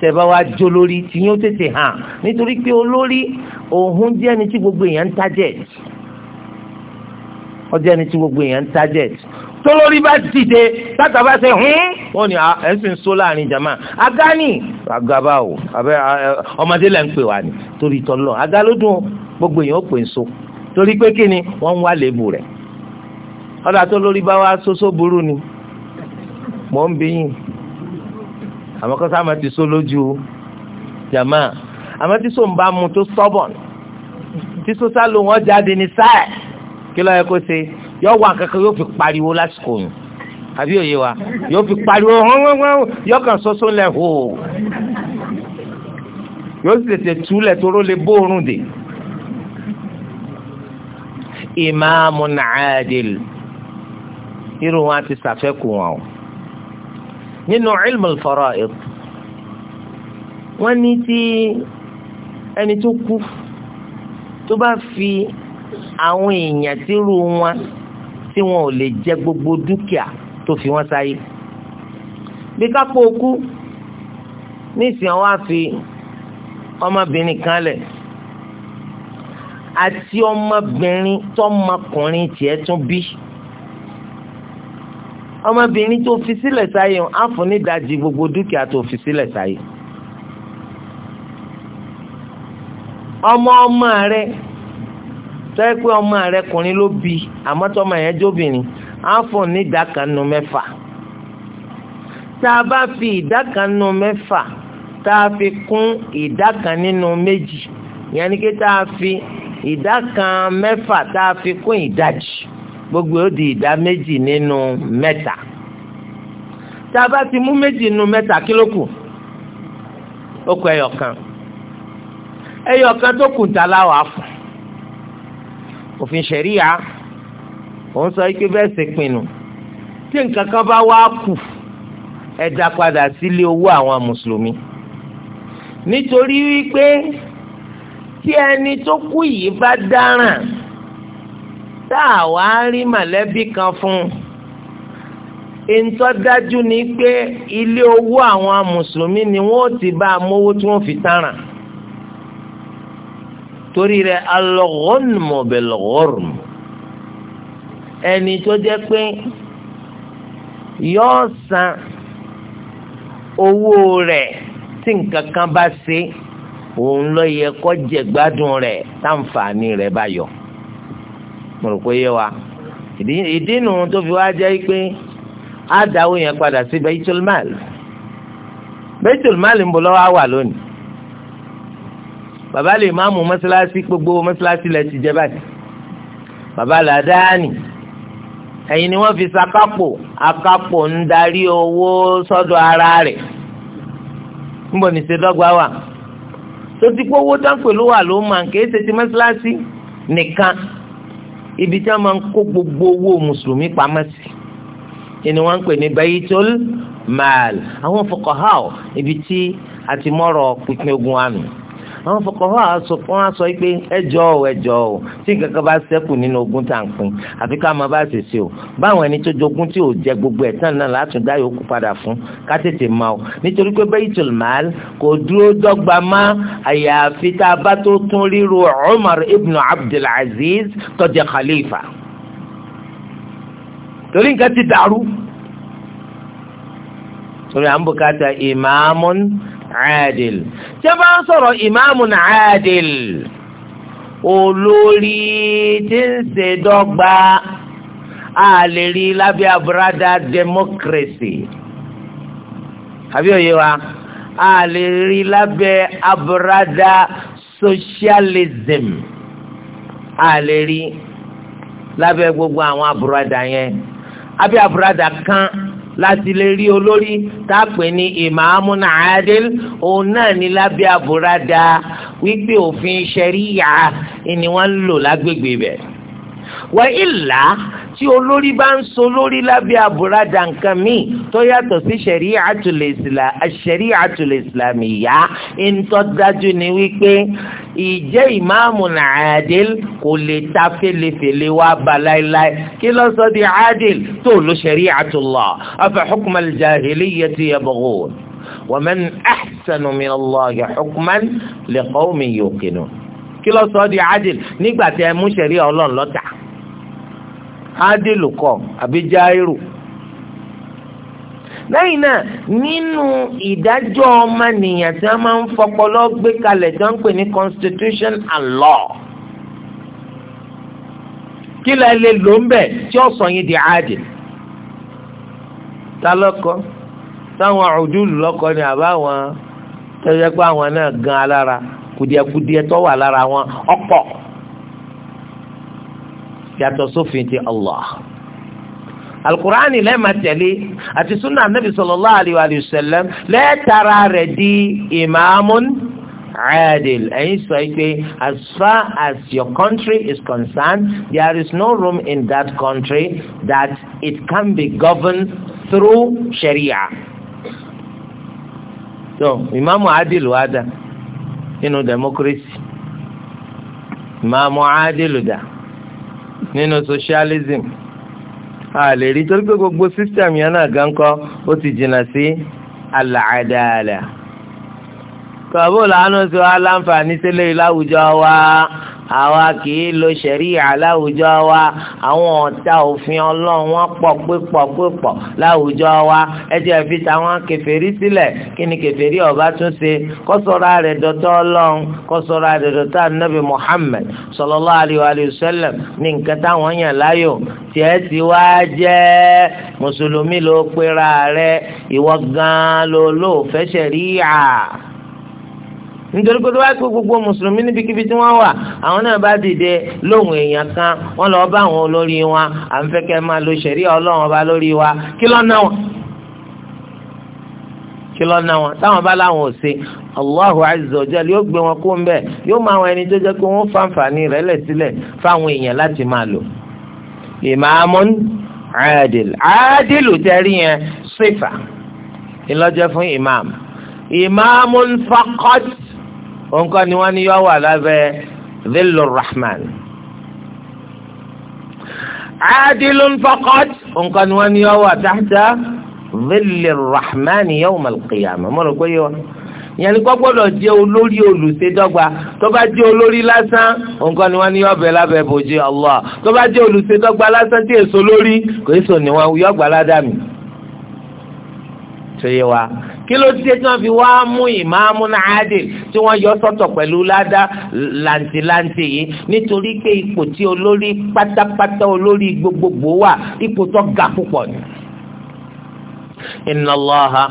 tẹ̀bá wa jó lórí tí yóò tètè hàn nítorí pé olórí òun jẹ́ ẹni tí gbogbo èèyàn ń target ó jẹ́ ẹni tí gbogbo èèyàn ń target tolórí bá dìde tata bá ṣe hún wọn ni ẹsìn so láàrin jama aga ni aga o abẹ ọmọdé lẹ ń pè wá ni torí tọlọ aga ló dùn gbogbo èèyàn ó pè ń so torí pé kí ni wọn ń wá léèbù rẹ ọdà tolórí bá wá soso burú ni mọ ń bíyìn àmọ́ kọsá àmọ́ ti so lójú jama àmọ́ tí so ń bá mu tó stubborn tí so sá ló jáde ní sáà kí ló yẹ kó ṣe yọ wà kankan yóò fi pariwo lásìkò yìí àbí òye wa yóò fi pariwo hánwánwán yóò kàn soso lẹ hó yóò sì tètè túlẹ̀ toró lè bóorùn dè ìmáàmù nàádìl irú wọn ti sàfẹ́kù wọn o nínú ilmu al-fara'id wọ́n ní tí ẹni tó kú tó bá fi àwọn èèyàn tí rú wọn tí wọn ò lè jẹ gbogbo dúkìá tó fi wọn sáyé bí kápò okú nísìnyí wá fi ọmọbìnrin kan lẹ̀ àti ọmọbìnrin tọmọkùnrin tiẹ̀ tún bí ọmọbìnrin tó fi sílẹ̀ sáyé á fún gbogbo dúkìá tó fi sílẹ̀ sáyé ọmọ ọmọ rẹ̀ tọ́yẹ pé ọmọ rẹ kùnrin ló bi àmọ́ tọ́mọ yẹn jóbìnrin á fún ní ìdákanu mẹ́fà tá a bá fi ìdákanu mẹ́fà tá a fi kún ìdákan nínú méjì yẹn ni pé tá a fi ìdákan mẹ́fà tá a fi kún ìdajì gbogbo ó di ìdá méjì nínú mẹ́ta tá a bá ti mú méjì nínú mẹ́ta kí ló kù ó kù ẹyọ kan ẹyọ kan tó kù tá a láwàá fún òfin ṣẹ̀ríyà òun sọ pé bẹ́ẹ̀ ṣe pinnu tí nǹkan kan bá wá kù ẹ dá padà sílé owó àwọn mùsùlùmí nítorí wípé tí ẹni tó kú yìí bá dáràn tá a wá rí mọ̀lẹ́bí kan fún un ìntọ́ dájú ni pé ilé owó àwọn mùsùlùmí ni wọ́n ti bá a mówó tí wọ́n fi tàràn torí rẹ̀ alghunmu bilghurm ẹni tó jẹ́ pé yóò san owó rẹ̀ tí nǹkan kan bá ṣe òun ló yẹ kó jẹ gbádùn rẹ̀ táǹfààní rẹ̀ bá yọ mo rò pé yé wa ìdí nu tó fi wá jẹ́ pé á dáwó yẹn padà sí Baitul Mal ń bọ̀ lọ́wọ́ á lónìí bàbá lè má mú mọ́sálásí gbogbo mọ́sálásí lẹ ti jẹ báyìí bàbá làdáàní ẹ̀yin ni wọ́n fi sàkápò akápò ń darí owó sọ́dọ̀ ara rẹ̀ níbo ní ṣe dọ́gba wà tó ti kó owó dáńpẹ̀ ló wà ló máa ń kéé ṣe ti mọ́sálásí nìkan ibi tí wọ́n máa ń kó gbogbo owó mùsùlùmí pamọ́ sí ni wọ́n ń pè ní bayitul mal àwọn fuqaha ibi tí a ti mọ̀rọ̀ pínpín ogun àná àwọn fọkànwá sọ fún wa sọ pé ẹjọ́ o ẹjọ́ o tí kankan bá ṣẹ́kù nínú ogún tá à ń pín àfi ká máa bá ṣèṣe o báwọn ẹni tó jogún tí ò jẹ gbogbo ẹ̀ tán náà látún dá yòókù padà fún ká tètè ma o nítorí pé baitul mal kò dúró dọ́gba má àyàfi tá a bá tó tún ríro Umar ibn Abdul Aziz tó jẹ́ khalifa torí nǹkan ti dàrú torí à ń bùkátà ìmáàmùn àdìl ṣé bá ń sọ̀rọ̀ ìmáàmù nàádìl olórí tí ń ṣe dọ́gba a lè rí lábẹ́ àbúradà democracy àbí òye wa a lè rí lábẹ́ àbúradà socialism a lábẹ́ gbogbo àwọn àbúradà yẹn àbí àbúradà kan láti lè rí olórí tápè ní ìmáàmù nàádìl òun náà ní lábẹ́ àbúradà wípé òfin ṣẹ̀ríyà ni wọ́n ń lò lágbègbè bẹ̀. wọ́n ìlà tí olórí bá ń so lórí lábẹ́ àbúradà nǹkan míì tó yàtọ̀ sí shari'atul islam shari'atul islamiyya ńtọ́ dájú ni wípé ìjẹ́ ìmáàmù nàádìl kò lè ta fèlèfèlè wá ba láéláé kí ló sọ di àádìl tó lo shari'atullah afa hukmal jahiliyyati yabghun wa man ahsanu minallahi hukman liqawmin yuqinun kí ló sọ di àádìl nígbà tí ẹ mú ṣẹ̀ríà ọlọ́run ádìlù kọ àbí jáírù lẹ́yìn náà nínú ìdájọ́ ọmọnìyàn tí wọ́n máa ń fọpọlọ gbé kalẹ̀ tí ń pè ní constitution and law kí la lè lò ń bẹ̀ tí ó sọ yín di àdìl ta lọ́kọ́ táwọn ọ̀dùlù lọ́kọ́ ni àbáwọn tẹ́jẹ́ pé àwọn náà gan alára kùdìẹ̀kùdìẹ̀ tó wà lára wọn ọ̀pọ̀ yàtọ̀ sófin ti Allah alukur'ani lẹ́ẹ̀ma tẹ̀lé àti sunna anabi sallallahu alayhi wa sallam lẹ́ẹ̀tara rẹ̀ di imaamun adil ẹ̀yin sọ pé as far as your country is concerned there is no room in that country that it can be governed through sharia. so imaamu adil wa da nínú democracy imaamu adil da nínú socialism a lè rí torí pé gbogbo system yẹn náà gan kọ́ ó ti jìnnà sí àlàádáàlà kọ̀ọ̀bù làánú sí wa láǹfààní sílẹ̀ láwùjọ wa àwa kì í lo ṣẹ̀ríà láwùjọ wa àwọn ọ̀tá òfin ọlọ́run wọ́n pọ̀ pípọ̀ pípọ̀ láwùjọ wa ẹ jẹ́ fi tàwọn kèfèrí sílẹ̀ kí ni kèfèrí ọba tún ṣe kó sọra rẹ̀ dọ̀tọ́ ọlọ́run kó sọra rẹ̀ dọ̀tọ́ anabi Muhammad sallallahu alayhi wa sallam ní nǹkan táwọn yàn láyò tiẹ̀ ti wá jẹ́ mùsùlùmí ló pera rẹ̀ ìwọ gan-an ló lò fẹ́ ṣẹ̀ríà nítorí pé wáyé pé gbogbo mùsùlùmí níbikíbi tí wọ́n wà àwọn náà bá dìde lóhùn èèyàn kan wọ́n lọ bá àwọn olórí wọn à ń fẹ́ kẹ́ máa lo ṣẹ̀rí ọlọ́run ọba lórí wa kí lọ́nà wọn kí lọ́nà wọn táwọn bá láwọn ò ṣe Allahu azza wa jalla yóò gbé wọn kó ń bẹ̀ yóò máa wọn ẹni tó jẹ́ pé wọ́n fàǹfààní rẹ̀ lẹ̀ fáwọn èèyàn láti máa lò ìmáàmùn àádìl àádìlù tẹ́rí yẹn sífà ìlọ́jẹ́ fún ìmáàmù ìmáàmùn faqat nǹkan ni wọ́n ní yọ wà lábẹ́ Dhillur Rahman adilun faqat nǹkan ni wọ́n ní yọ wà tahta Dhillir Rahman yawm al-qiyamah mọ̀ rò pé yọ ìyẹn ni kò gbọ́dọ̀ jẹ́ olórí olùṣèdọ́gba tó bá jẹ́ olórí ni wọ́n ní ọbẹ̀ lábẹ́ bòjì Allah tó bá jẹ́ olùṣèdọ́gba lásán tí èso lórí kò èso ni wọ́n yọ̀gbà ládàmì. tó yẹ wa kí ló dé tí wọ́n fi wá mú ìmáàmù náà àádìl tí wọ́n yọ sọ́tọ̀ pẹ̀lú ládàá làǹtìlàǹtì yìí nítorí pé ipò tí olórí pátápátá olórí gbogbogbò wà ipò tó ga púpọ̀ ni. inna Allaha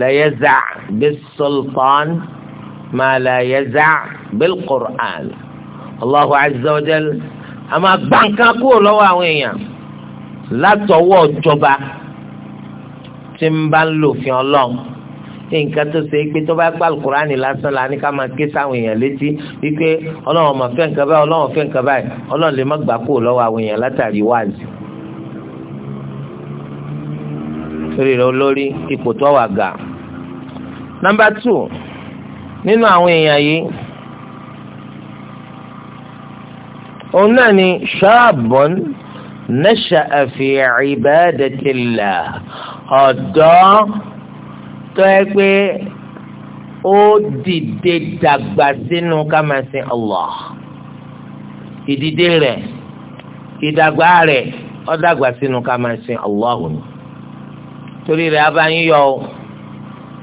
la yaza' bis-sultan ma la yaza' bil-Qur'an Allahu azza a máa gbàǹkan kúrò lọ́wọ́ àwọn èèyàn látọwọ́ ìjọba tí ń bá ń lò fi ọlọ́run nǹkan tó ṣe é pé tó bá gbà alukurani lásán la ní ká máa ké sáwọn èèyàn létí wípé ọlọ́run ọmọ fẹ́ nǹkan báyìí ọlọ́run fẹ́ nǹkan báyìí ọlọ́run lè má gbà kó lọ́wọ́ àwọn èèyàn látàrí wáàzì. torí rẹ olórí ipò tó wà gà. nọ́mbà tù nínú àwọn èèyàn yìí òun náà ni ṣáàbọ̀n nasha'a fi ibadatillah ọ̀dọ́ tó yẹ pé ó dìde dàgbà sínú ká máa Allah ìdìde rẹ̀ ìdàgbà rẹ̀ ó dàgbà sínú ká máa sin Allah òní torí rẹ̀ abáyín yọ ọ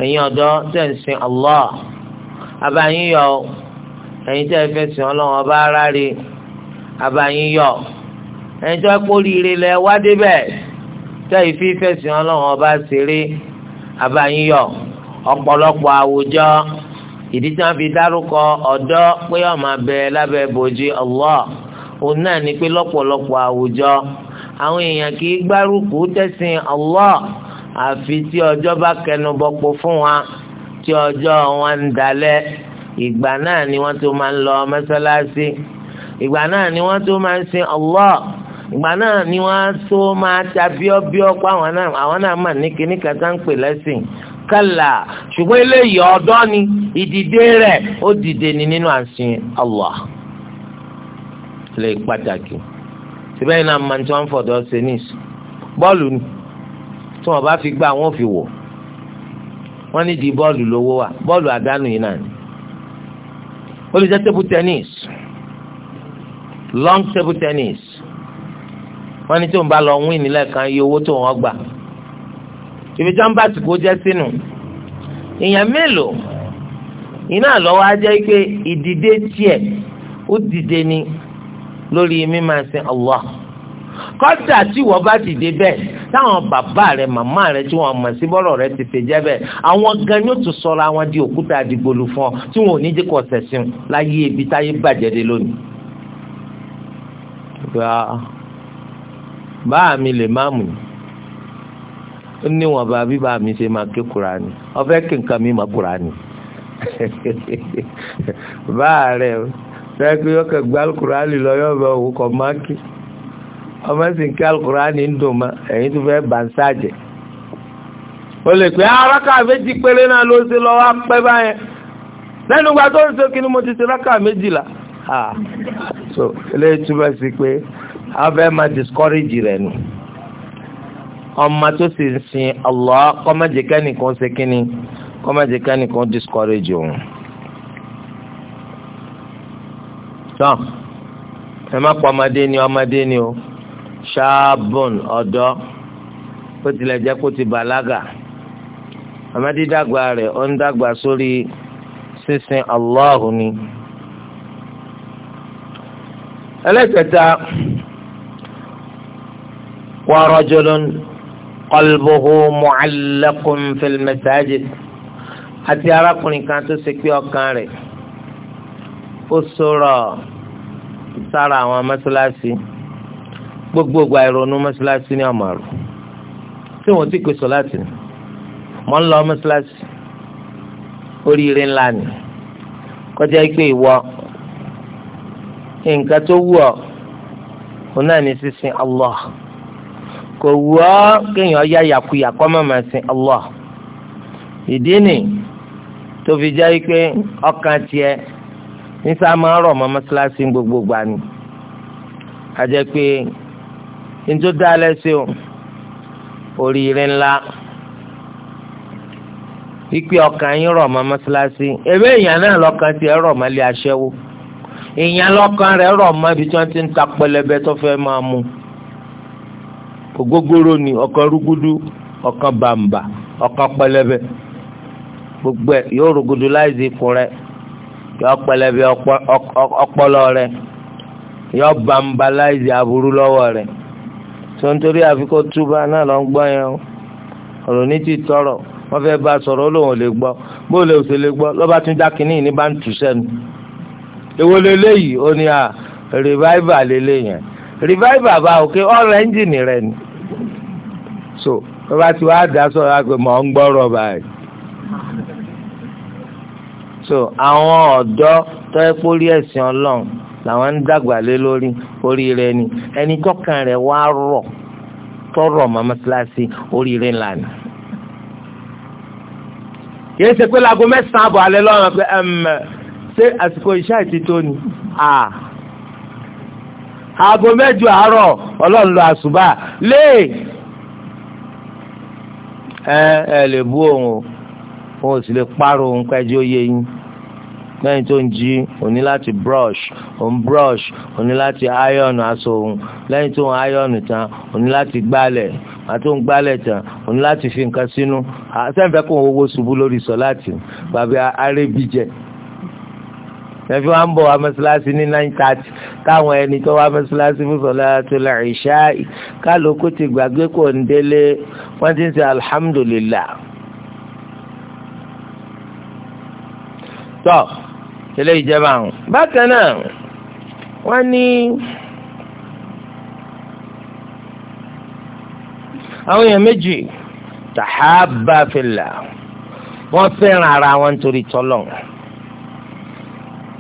ẹ̀yin ọ̀dọ́ tẹ̀ ń sin Allah abáyín yọ ọ ẹ̀yin tẹ́ fẹ́ sin ọlọ́run ọba ara rẹ̀ abáyín ẹ̀yin tó ẹ kó rire lẹ débẹ̀ tẹ́ ìfi fẹ̀sìn ọlọ́run ọba ṣeré abáyíyọ̀ ọ̀pọ̀lọpọ̀ àwùjọ ìdí tí wọ́n fi dárúkọ ọ̀dọ́ pé ọmọ abẹ lábẹ́ bòjì Allah òun náà ni pé lọ́pọ̀lọpọ̀ àwùjọ àwọn èèyàn kì í gbárùkù tẹ̀sìn Allah àfi tí ọjọ́ bá kẹnu bọ́pọ̀ fún wa tí ọjọ́ wọn ń dalẹ̀ ìgbà náà ni wọ́n tó máa ń lọ mọ́sálásí ìgbà náà ni wọ́n tó máa ń sin Allah ìgbà náà ni wọ́n tó máa ta bíọ́bíọ́ pa àwọn náà àwọn náà mà ní kíní kàtà ń pè lẹ́sìn kálá ṣùgbọ́n eléyìí ọ̀dọ́ ni ìdìde rẹ̀ ó dìde ni nínú àṣìn Allah lè pàtàkì síbẹ̀ iná máa tí wọ́n ń fọ̀dọ̀ ṣe níìsì bọ́ọ̀lù ni tí wọ́n bá fi gbá wọn fi wọ̀ wọ́n ní di bọ́ọ̀lù lówó wa bọ́ọ̀lù àdánù yìí náà ni ó lè jẹ́ table tennis long table tennis wọ́n ní tí òun bá lọ wín nílẹ̀ kan iye owó tó wọ́n gbà ibi tí wọ́n bá ti kó jẹ́ sínú èèyàn mélòó iná lọ́wọ́ á jẹ́ pé ìdìde tiẹ̀ ó dìde ni lórí mímá sin Allah kọ́tà tí wọ́n bá ti dé bẹ́ẹ̀ táwọn bàbá rẹ̀ màmá rẹ̀ tí wọ́n mọ̀ sí bọ́rọ̀ rẹ̀ ti fèjẹ́ bẹ́ẹ̀ àwọn gan ni ó tún sọra wọn di òkúta àdìgbòlù fún ọ tí wọn ò ní jẹ́ kọ́ sẹ̀sìn láyé ibi táyé bàjẹ́ dé lónìí. báà mi lè má mú ó bí báà mi ṣe máa ké Kùránì ọ̀fẹ́ kí nǹkan mi máa Kùránì báà rẹ̀ fẹ́ pé ọkọ̀ gbá Kùránì lọ́yọ́ bá òun kọ̀ máa kí ọmọ sì ń ń dùn ma ẹ̀yin tó fẹ́ bá ń sáàjẹ̀ ó lè pé arákà ah, méjì péré náà ló ṣe lọ́wọ́ pẹ́ báyẹn lẹ́nu gba tó ń ṣe kí ni mo ti ṣe méjìlá so eléyìí túbọ̀ sí pé afẹ́ máa discourage rẹ̀ nù ọmọ tó sì ń sin Allah kọ́mọ̀jẹ̀ká nìkan ṣe kínni kọ́mọ̀jẹ̀ká nìkan discourage òun. tán ẹ má pa ọmọdé ni ọmọdé ni o ṣáàbùn ọ̀dọ́ bó tilẹ̀ jẹ́ kó ti bàlágà àmọ́dídàgbà rẹ̀ ó ń dàgbà sórí sísin Allahu ni. ẹlẹ́kẹta. ورجل قلبه معلق في المساجد àti arákùnrin kan tó ṣe pé ọkàn rẹ̀ ó sọ̀rọ̀ sára àwọn mọ́ṣáláṣí gbogbo ìgbà ìrònú mọ́ṣáláṣí ní ọ̀mọ̀rù tí wọ́n ti pè láti ní mọ́ ń lọ mọ́ṣáláṣí oríire ńlá ni kọjá pé ìwọ nǹkan tó wù ọ́ òun náà ní sísìn Allah kò wù ọ́ kéèyàn yá yàkuyà kọ́ mọ̀ máa sin Allah ìdí nì tó fi jẹ́ pé ọkàn tiẹ̀ nísà máa rọ̀ mọ́ mọ́sálásí gbogbo gbà ni àjẹ́ pé njó dá lẹ́sẹ̀ o oríire ńlá ìpè ọkàn yín rọ̀ mọ́ mọ́sálásí ebe èèyàn náà lọ́kàn tiẹ̀ rọ̀ mọ́ ilé aṣẹ́wó èèyàn lọ́kàn rẹ̀ rọ̀ mọ́ ibi tí wọ́n ti ń ta pẹlẹbẹ tó fẹ́ máa mú un. ògógóró ni rúgúdú gbogbo ẹ yóò rúgúdú láìsí ikùn rẹ yóò pẹlẹbẹ ọpọlọ rẹ yóò láìsí aburú rẹ tó ń torí àfikún lọ ń yẹn o ọ̀rọ̀ bá a sọ̀rọ̀ gbọ́ bóun lè gbọ́ lọ́ba tún bá ń tù sẹ́nu ó ní revival bá òkè ọ̀rọ̀ ẹ́ńjìnì rẹ̀ ni so tó bá ti wá dá sọ̀rọ̀ àgbẹ̀ mọ̀ ń gbọ́rọ̀ báyìí so àwọn ọ̀dọ́ tó ẹ pórí ẹ̀sìn ọlọ́run làwọn ń dàgbà lé lórí orí rẹ ni ẹni tọ́kàn rẹ̀ wá rọ̀ tọrọ màmá kíláàsì orí rẹ ńlá ni kì í ṣe pé láago mẹ́sàn-án àbọ̀ alẹ́ lọ́rùn pé ṣé àsìkò iṣẹ́ àti tó ni aago mẹ́jọ àárọ̀ ọlọ́run lọ àṣùbà lé ẹ ẹ lè bú òun o òun ò sì lè pààrọ̀ òun pẹ́jọ́ yé yín lẹ́yìn tó ń jí òní láti brush òun brush òní láti iron aṣọ òun lẹ́yìn tó ń iron tán òní láti gbálẹ̀ àti òun gbálẹ̀ tán òní láti fi nǹkan sínú àtẹ̀fẹ́ kò ń wọ́wọ́ ṣubú lórí sọ láti bàbá arébíjẹ ẹ̀fí wa ń bọ̀ wá mọ́ṣáláṣí ní nine thirty káwọn ẹni tó wá mọ́ṣáláṣí fún sọ̀látul ìṣá kálukú ti gbàgbé kò ń délé wọ́n ti ń sẹ́ alhamdulillah. tọ́ ilé ìjẹba àwọn. bákan náà wọ́n ní àwọn èèyàn méjì tàhábà fillah wọ́n fẹ́ràn ara wọn nítorí tọ́lọ́run.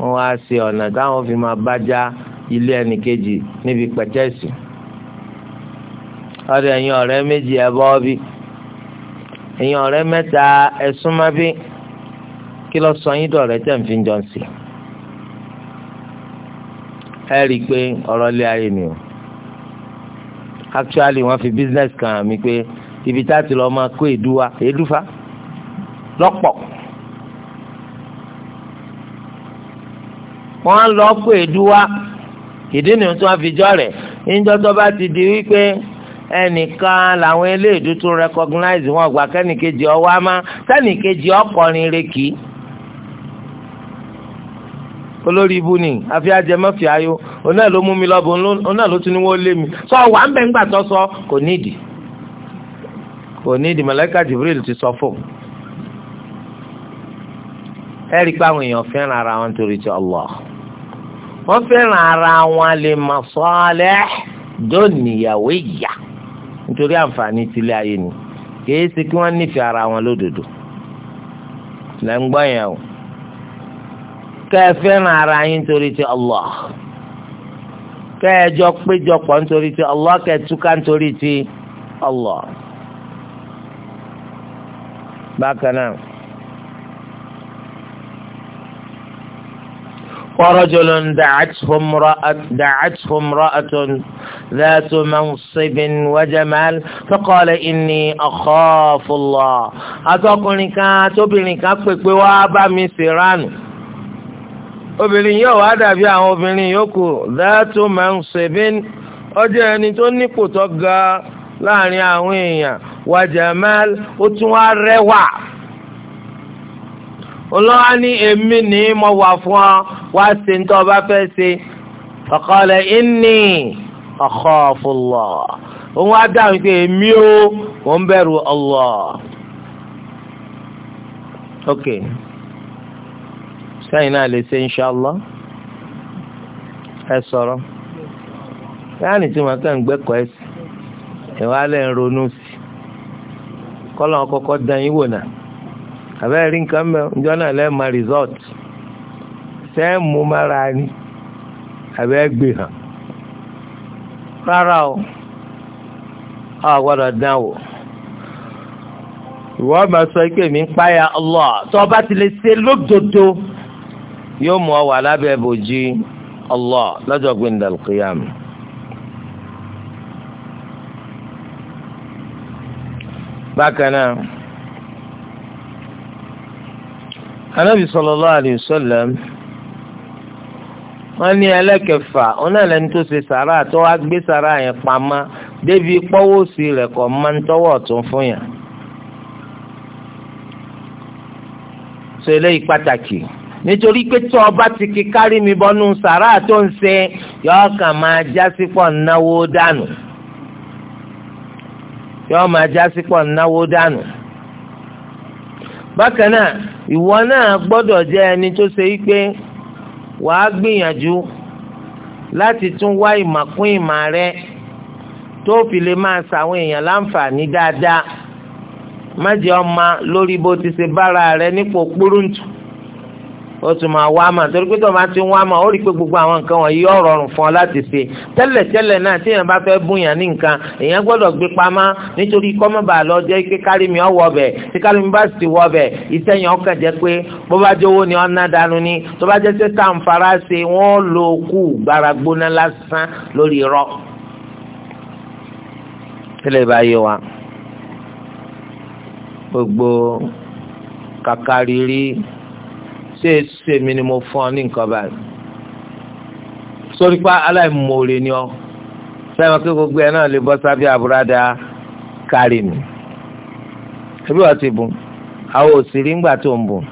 wọ́n wá ṣe ọ̀nà táwọn fi máa bájá ilé ẹnì kejì níbi pẹ̀tẹ́sì ọ̀dọ̀ ẹ̀yin ọ̀rẹ́ méjì ẹ bọ́ bí ẹ̀yin ọ̀rẹ́ mẹ́ta ẹ súnmọ́ bí kí lọ sọ yín dọ̀rẹ́ tẹ̀ ń fi jọ sí ẹ rí i pé ọ̀rọ̀ lé ayé ni o actually wọ́n fi business kan mi pé ibi tá a ti lọ máa kó èdú wa èdú fa lọ́pọ̀ wọ́n lọ pé èdúwà ìdí ni tí fi jọ rẹ̀ níjọ́ bá ti di wípé ẹnìkan làwọn eléèdú tún recognize wọn gbà kẹ́nìkejì ọwọ́ á má ọkọrin rekì olórí ibu ni àfi ajẹmọ́fì ayọ̀ ló mú mi lọ́bùn ló wọ́n lé mi sọ wà ń sọ nídìí kò nídìí mọ̀lẹ́kà ti sọ fún wọ́n fẹ́ràn ara wọn lè mọ̀ sọ́ọ́lẹ́ dóníyàwó ìyá nítorí àǹfààní tilé ayé ni kìí ṣe kí wọ́n nífẹ̀ẹ́ ara wọn lódodo lẹ́ yẹn o fẹ́ràn ara yín nítorí ti Allah ka ẹ jọ péjọpọ̀ nítorí ti Allah ka túká nítorí ti Allah bákan ورجل دعته امرأة دعته امرأة ذات منصب وجمال فقال إني أخاف الله أتقولني كاتبني كاتبك وابا مسيران obìnrin yóò wá dàbí àwọn obìnrin yòókù dátó mansibin ó jẹ́ ẹni tó nípò tó ga láàrin àwọn èèyàn wa ó tún wá rẹwà olóhà ní èmi ní mo wà fún ọ wá sí ní tó o bá fẹ́ ṣe faqala inni akhafu Allah òun á dáhùn pé èmi ó mò ń bẹ̀rù Allah. ok sẹ́yìn náà lè ṣe inṣàlá ẹ sọ̀rọ̀ láàánì tí wọn kàn ń gbẹ́kọ̀ọ́ ẹ̀sìn ìwà lẹ́ ń ronú sí kọ́lọ́n kọ́kọ́ dán yín wò náà àbẹ́rẹ́ rí nǹkan mẹ́ ǹjọ́ náà lẹ́ẹ̀ máa resort sẹ́ẹ̀ mú mára ni àbẹ́ẹ́ gbé hàn rárá o a gbọ́dọ̀ dán o ìwọ máa sọ pé mi ń páyà Allah tó bá ti lè ṣe lódodo yóò mú ọ wà lábẹ́ bòjì Allah lọ́jọ́ gbẹ̀ndàl qiyam. bákan náà. anabi sallallahu alayhi wọn ní ẹlẹ́kẹfà òun náà lẹni tó ṣe sàrà tó wá gbé sàrà yẹn pamọ́ débi rẹ kọ má ń fún sọ eléyìí pàtàkì nítorí pé ọba ti kí kárí mi bọ́nú sàrà tó ń ṣe yọ̀ọ́ kàn máa jásí dànù ìwọ náà gbọ́dọ̀ jẹ́ ẹni tó ṣe wípé wàá gbìyànjú láti tún wá ìmọ̀ kún ìmọ̀ rẹ tó fi lè máa ṣàwọn èèyàn láǹfààní dáadáa má jẹ́ ọmọ lórí bó ti ṣe bára rẹ nípò púrúǹtù ó tún máa wá mà torí pé tó máa ti wá mà ó rí i pé gbogbo àwọn nǹkan wọ̀nyí yóò rọrùn fún ọ láti ṣe tẹ́lẹ̀tẹ́lẹ̀ náà tí èèyàn bá fẹ́ búyàn ní nǹkan èèyàn gbọ́dọ̀ gbé pamá nítorí kọ́mọ́bà lọ jẹ́ pé kárìmí ọ wọ ọbẹ̀ tí kárìmí bá sì wọ ọbẹ̀ iṣẹ́ yẹn ọkàn jẹ́ pé bó bá jówó ni ọ̀nà dànù ni tó bá jẹ́ sẹ́tà ń fara ṣe wọ́n lo kú gbaragbóná lásán lórí irọ́ tẹ́lẹ̀ wa gbogbo kàkàrírí ṣé ṣe mi ni mo fún ọ ní nǹkan báyìí sórí pa aláìmoore ni ọ sẹ́wọ̀n kí gbogbo ẹ̀ náà lè bọ́ sábẹ́ àbúradà kárì mi ebi wọ́n ti bùn àwọn òsèré ńgbà tó ń bùn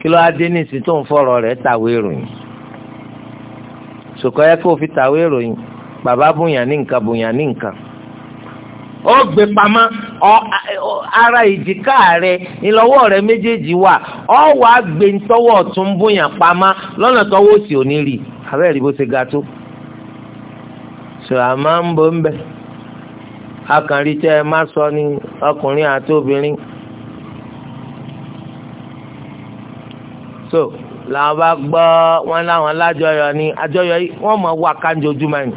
kí ló á dé ní ìsìn tó ń fọ̀rọ̀ rẹ̀ tàwé ìròyìn sòkòyẹ́ kó o fi tàwé ìròyìn bàbá bùnyàn ní nǹkan bùnyàn ní nǹkan ó gbé pamọ́ ara ìjìká rẹ ìlọ́wọ́ rẹ méjèèjì wà ọ wà á gbé ntọ́wọ́ tún bóyá pamọ́ lọ́nà tọ́wọ́ òsì ò ní rí abẹ́ rí bó ṣe ga tó sọ àmọ́ ń bọ́ ń bẹ̀ akànrí tẹ́ ẹ má sọ ni ọkùnrin àti obìnrin so làwọn bá gbọ́ wọn láwọn lájọyọ̀ ni àjọyọ̀ yìí wọ́n mọ̀ wá kánjojúmọ́ ni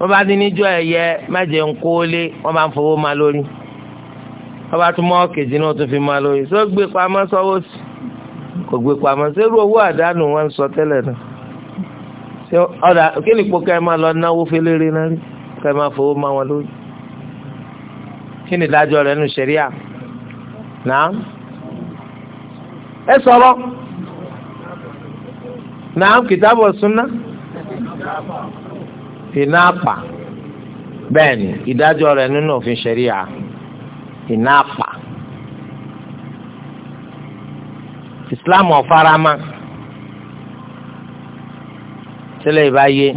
wọ́n bá ti níjọ́ ẹ̀yẹ mẹ́jẹ̀ ń kó lé wọ́n bá ń fowó máa lórí wọ́n bá tún mọ́ kejì náà tún fi máa lórí tó gbé pamọ́ sọ́wọ́ sí kò gbé pamọ́ sẹ́rù owó àdánù wọn sọ tẹ́lẹ̀ náà ṣé ọ̀dà kí ni kpọ́kẹ́ máa lọ náwó fẹ́lẹ́rẹ́ náà rí kẹ́ máa fowó máa wọn lórí kí ni ìdájọ́ rẹ̀ nù ṣẹ̀ríà náà ẹ sọ̀rọ̀ náà kìtàbọ̀ súnná ìnáàpà bẹ́ẹ̀ ni ìdájọ́ rẹ̀ nínú òfin ṣẹ̀ríà ìnáàpà islam ọ̀farama tẹ́lẹ̀ ìbáyé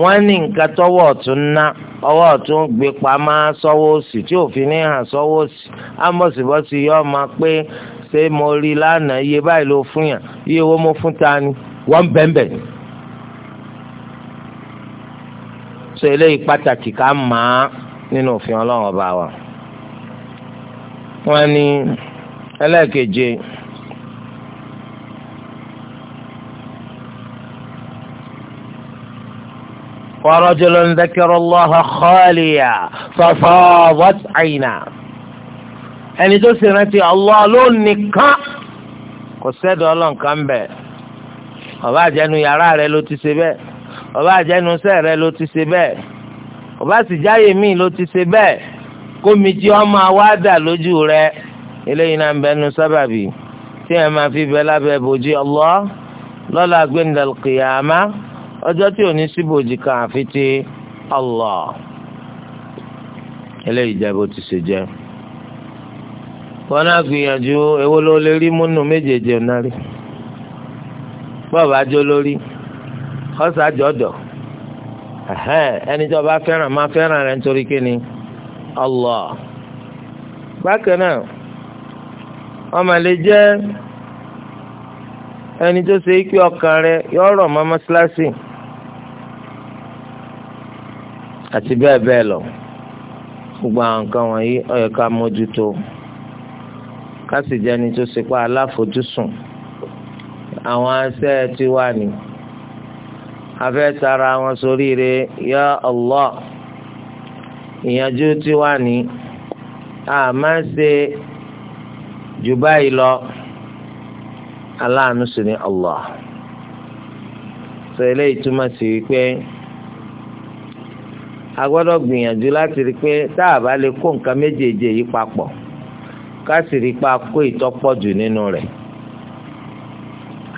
wọ́n ní nǹkan tọ́wọ́ ọ̀tún ná ọwọ́ ọ̀tún gbé pamọ́ sọ́wọ́ òsì tí òfin ní hàn sọ́wọ́ òsì ámọ̀sibọ́sì yọ ọ́ máa pé ṣé mo rí lánàá iye báyìí ló fún yàn iye owó mo fún ta ni wọ́n bẹ́ẹ̀ bẹ́ẹ̀ ni. sọ eléyìí pàtàkì ká máa nínú òfin ọlọ́run ọba wa. wọ́n ní ẹlẹ́ẹ̀keje ورجل ذكر الله خاليا ففاضت عيناه ẹni tó sì rántí Allah ló nìkan kò sẹ́dọ̀ ọlọ́nkan bẹ̀ ọ̀bá àjẹnu yàrá rẹ ló ti ṣe bẹ́ẹ̀ ọba àjẹnusẹ rẹ ló ti ṣe bẹ́ẹ̀ ọba àtìjáyè míì ló ti ṣe bẹ́ẹ̀ kómijì ọmọ awádà lójú rẹ eléyìí náà ń bẹnu sábàbí tí ẹ máa fi bẹ lábẹ́ bòjì Allah lọ́la gbẹndàlùkìyàmá ọjọ́ tí ò ní sí bòjì kan àfi ti Allah eléyìí jẹ bó ti ṣe jẹ wọn náà gbìyànjú èwo ló lè rí múnú méjèèjì ọ̀nà rí bọ́ọ̀bù ajó lórí. ọ̀sà jọ̀dọ̀ ẹni tí ọba fẹ́ràn máa fẹ́ràn rẹ̀ nítorí kíni Allah bákan náà ọmọ lè jẹ́ ẹni tó ṣe ikú ọkàn rẹ yọ ọ̀rọ̀ mọ́ mọ́ṣáláṣí àti bẹ́ẹ̀ bẹ́ẹ̀ lọ gbogbo àwọn nǹkan wọ̀nyí ó yẹ ká mójútó ká sì jẹ́ ẹni tó ṣe pa aláfojúsùn àwọn aṣẹ́ tiwa ni. afẹ́ tara wọn soríire ya Allah ìyànjú tí wà ní a máa ṣe jù báyìí lọ aláàánú sí ni Allah sọ eléyìí túmọ̀ sí wípé a gbọ́dọ̀ gbìyànjú láti rí pé tá a bá lè kó nǹkan méjèèjì yìí papọ̀ ká sì rí pa kó ìtọ́pọ̀ jù nínú rẹ̀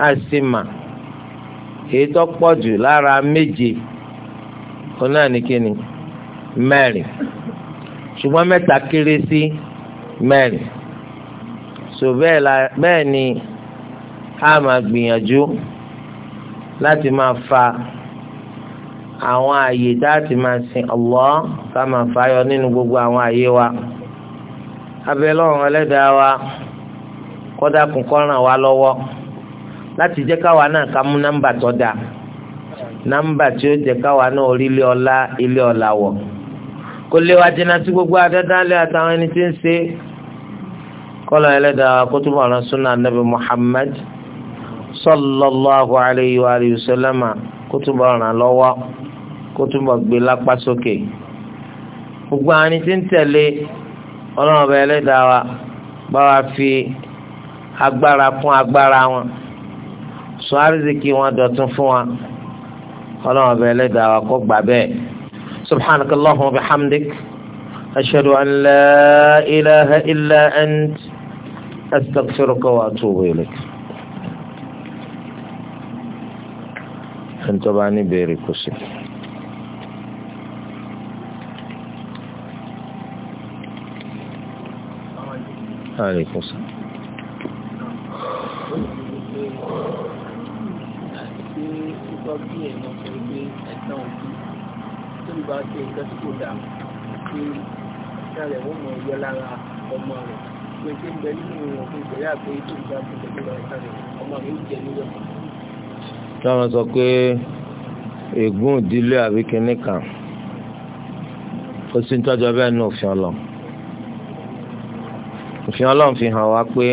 a sì mà èyí tó pọ̀ jù lára méje ó náà ní kíni mẹ́rin ṣùgbọ́n mẹ́ta kéré sí mẹ́rin so bẹ́ẹ̀ la bẹ́ẹ̀ ni a máa gbìyànjú láti máa fa àwọn àyè tá a máa sin Allah ká máa fàyọ nínú gbogbo àwọn àyè wa abẹ́ lọ́rùn ẹlẹ́dàá wa kọ́dà kún kọ́ràn wa lọ́wọ́. láti jẹ́ káwa náà ká mú nọ́mbà tó dáa nọ́mbà tí ó jẹ́ káwa náà orí ọlá ilé ọlá wọ̀ kó léwá jìnnà sí gbogbo adádálẹ̀ àtàwọn ẹni tí ń ṣe kọ́lọ̀ ẹlẹ́dàá kó sallallahu alayhi wa sallam kó túbọ̀ ọ̀ràn lọ́wọ́ kó gbé lápá sókè gbogbo àwọn ẹni tí ń tẹ̀lé fi agbára fún agbára sọ àrísìkí wọn dọ̀tún fún wa ọlọ́run ọbẹ̀ ẹlẹ́dàá wa kó gbà bẹ́ẹ̀ subhanakallahu wa bihamdik ashhadu an la ilaha illa ant astaghfiruka wa atubu ilayk. ẹnitọ́ bá ní béèrè kò sí. Aleykum salaam. bí ẹ̀ lọ sọ pé òbí tó lè bá ṣe nǹkan tí kò dà wọ́n mọ̀ yọ lára ọmọ rẹ̀ òfin ọlọ́run fi hàn wá pé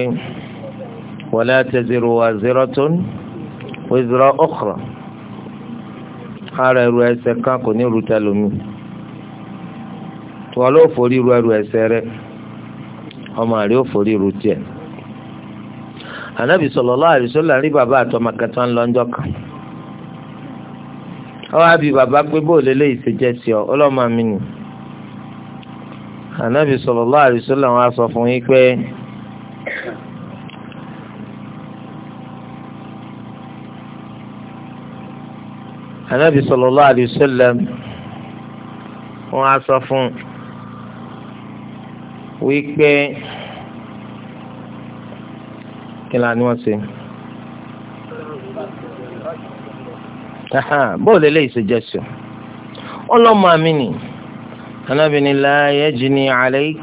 wala taziru waziratun wizra ukhra. ara ẹrù ẹsẹ̀ kan kò ní rúta lómi wọn ló forí ru ẹrù re. rẹ̀ ọmọ rẹ̀ ó ru tiẹ̀ anabi sọlọ alaihi wasallam rí bàbá àtọmọ kẹta ńlọjọ kan ọwọ àbí bàbá pé bóòlù lè ṣe jẹ sí ọ ọlọmọ mi anabi sọlọ alaihi wasallam fún yín anabi sallallahu alayhi wa sallam wọ́n á sọ fún wípé kí ni wọ́n ṣe bóòlù eléyìí ṣe jẹ́ sùn ọlọ́mọ àmì ni anabi ni la yajni alayk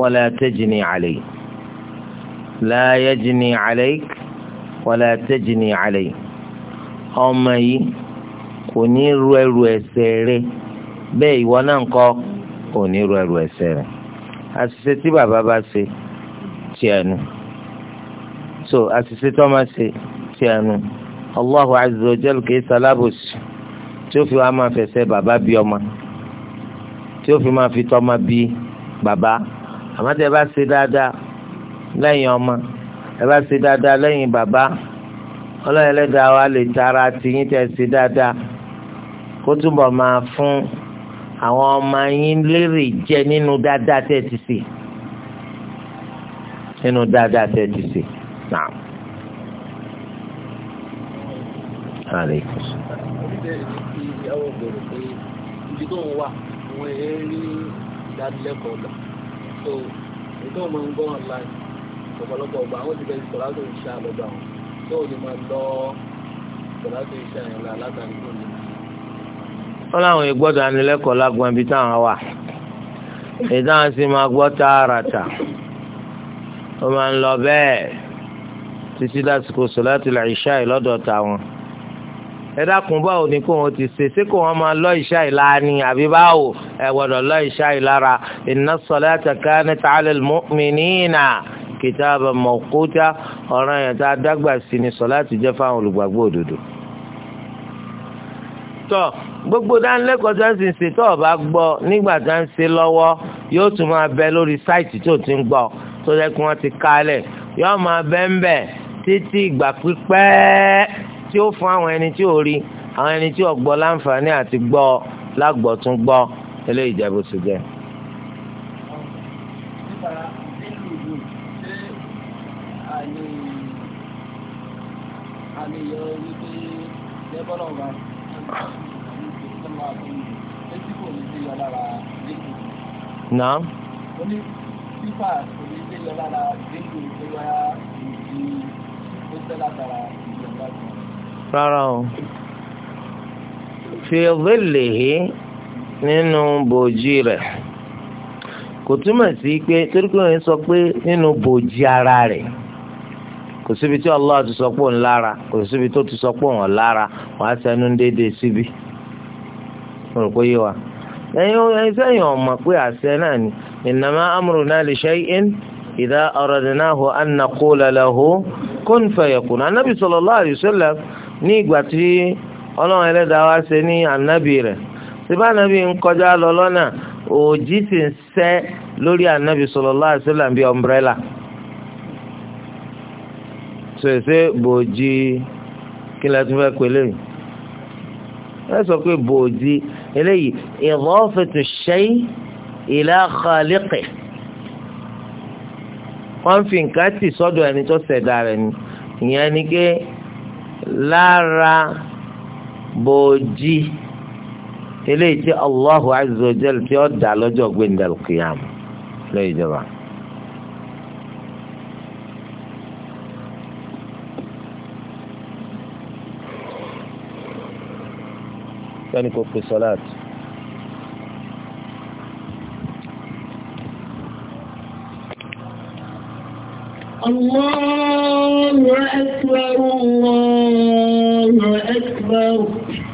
wala tajni alayk la yajni alayk wala tajni alayk ọmọ yìí kò ní ru ẹrù ẹ̀ṣẹ̀ rẹ̀ bẹ́ẹ̀ ìwọ náà ńkọ́ kò ní ru ẹrù ẹ̀ṣẹ̀ rẹ̀ àṣìṣe tí bàbá bá ṣe ti ẹnu so àṣìṣe tó máa ṣe ti ẹnu Allahu azza wa jalla kìí sálábòsì tí ó fi wá máa fẹsẹ̀ bàbá bí ọmọ tí ó fi máa fi tọ́ ọmọ bí bàbá àmọ́ tẹ́ ẹ bá ṣe dáadáa lẹ́yìn ọmọ ẹ bá ṣe dáadáa lẹ́yìn bàbá ọlọ́yẹ̀lẹ́dàá wa lè tara tiyín tẹ́ ṣe dáadáa kó túbọ̀ máa fún àwọn ọmọ yín lérè jẹ nínú dáadáa tẹ́ ti ṣe nínú dáadáa tẹ́ ti ṣe náà. Aleykum wọn làwọn ìgbọ́dọ̀ anilẹ́kọ̀ọ́ lágbọn ibi táwọn wà ìdáhùn sì máa gbọ́ tààràtà ó máa ń lọ bẹ́ẹ̀ títí lásìkò sọ̀láàtì làìṣá ìlọ́dọ̀ táwọn ẹ dákun báwo ni kó wọn ti ṣe ṣé kó wọn máa lọ ìṣá ìlà ni àbí báwo ẹ gbọ́dọ̀ lọ ìṣá ìlara inna salata kanat ala al-mu'minina kitaban mawquta ọ̀ràn yẹn tá a dágbà sí ni sọ̀láàtì jẹ́ fáwọn olùgbàgbọ́ òdodo tọ́ gbogbo dánilẹ́kọ̀ọ́ tí wọ́n ti ń ṣe tó ọba gbọ́ nígbà tí wọ́n ń ṣe lọ́wọ́ yóò tún máa bẹ lórí sáìtì tó ti ń gbọ́ tó yẹ kí wọ́n ti kálẹ̀ yóò máa bẹ ń bẹ̀ títí ìgbà pípẹ́ tí ó fún àwọn ẹni tí ò rí àwọn ẹni tí ò gbọ́ láǹfààní àti gbọ́ lágbọ̀tún gbọ́ eléyìí jẹ́ ti jẹ́. Thank Naam. Ó ní pípà kò ní lé lọ lára dínkù tó yára ìdí tó Rárá o. Fi dhillihi nínú bòjì rẹ̀. Kò túmọ̀ sí pé torí pé òun sọ pé nínú bòjì ara rẹ̀ kò síbi tí Allah ti sọ pé òun lára kò síbi tó ti sọ pé òun lára wàá sẹnu déédéé síbi mo rò pé yé wa ẹyin sẹ́yìn ọmọ pé àṣẹ náà ni innama amruna li shay'in idha aradnahu an naqula lahu kun fayakun anabi sallallahu alaihi wasallam ní ìgbà tí ọlọ́run ẹlẹ́dàá wá ṣe ní ànábì rẹ̀ síbá ànábì ń kọjá lọ lọ́nà òjì sì ń sẹ́ lórí ànábì sallallahu alaihi wasallam bíi ọmbrẹ́là ṣèṣe bòójì kí lẹ́tún fẹ́ pé lẹ́yìn ẹ sọ pé bòójì eléyìí ìdọ́fẹ̀tù ṣẹ́yìn ìlà khaliqi wọ́n fi nǹkan tì sọ́dọ̀ ẹni tó ṣẹ̀dá rẹ̀ ni ìyẹn ni pé lára bòójì eléyìí tí Allahu azza wa jalla tí ó dà lọ́jọ́ gbẹ̀ndàlùkìyàmù lọ́yìí jọba. kan ní kò pè sọ́láàtì. الله أكبر الله أكبر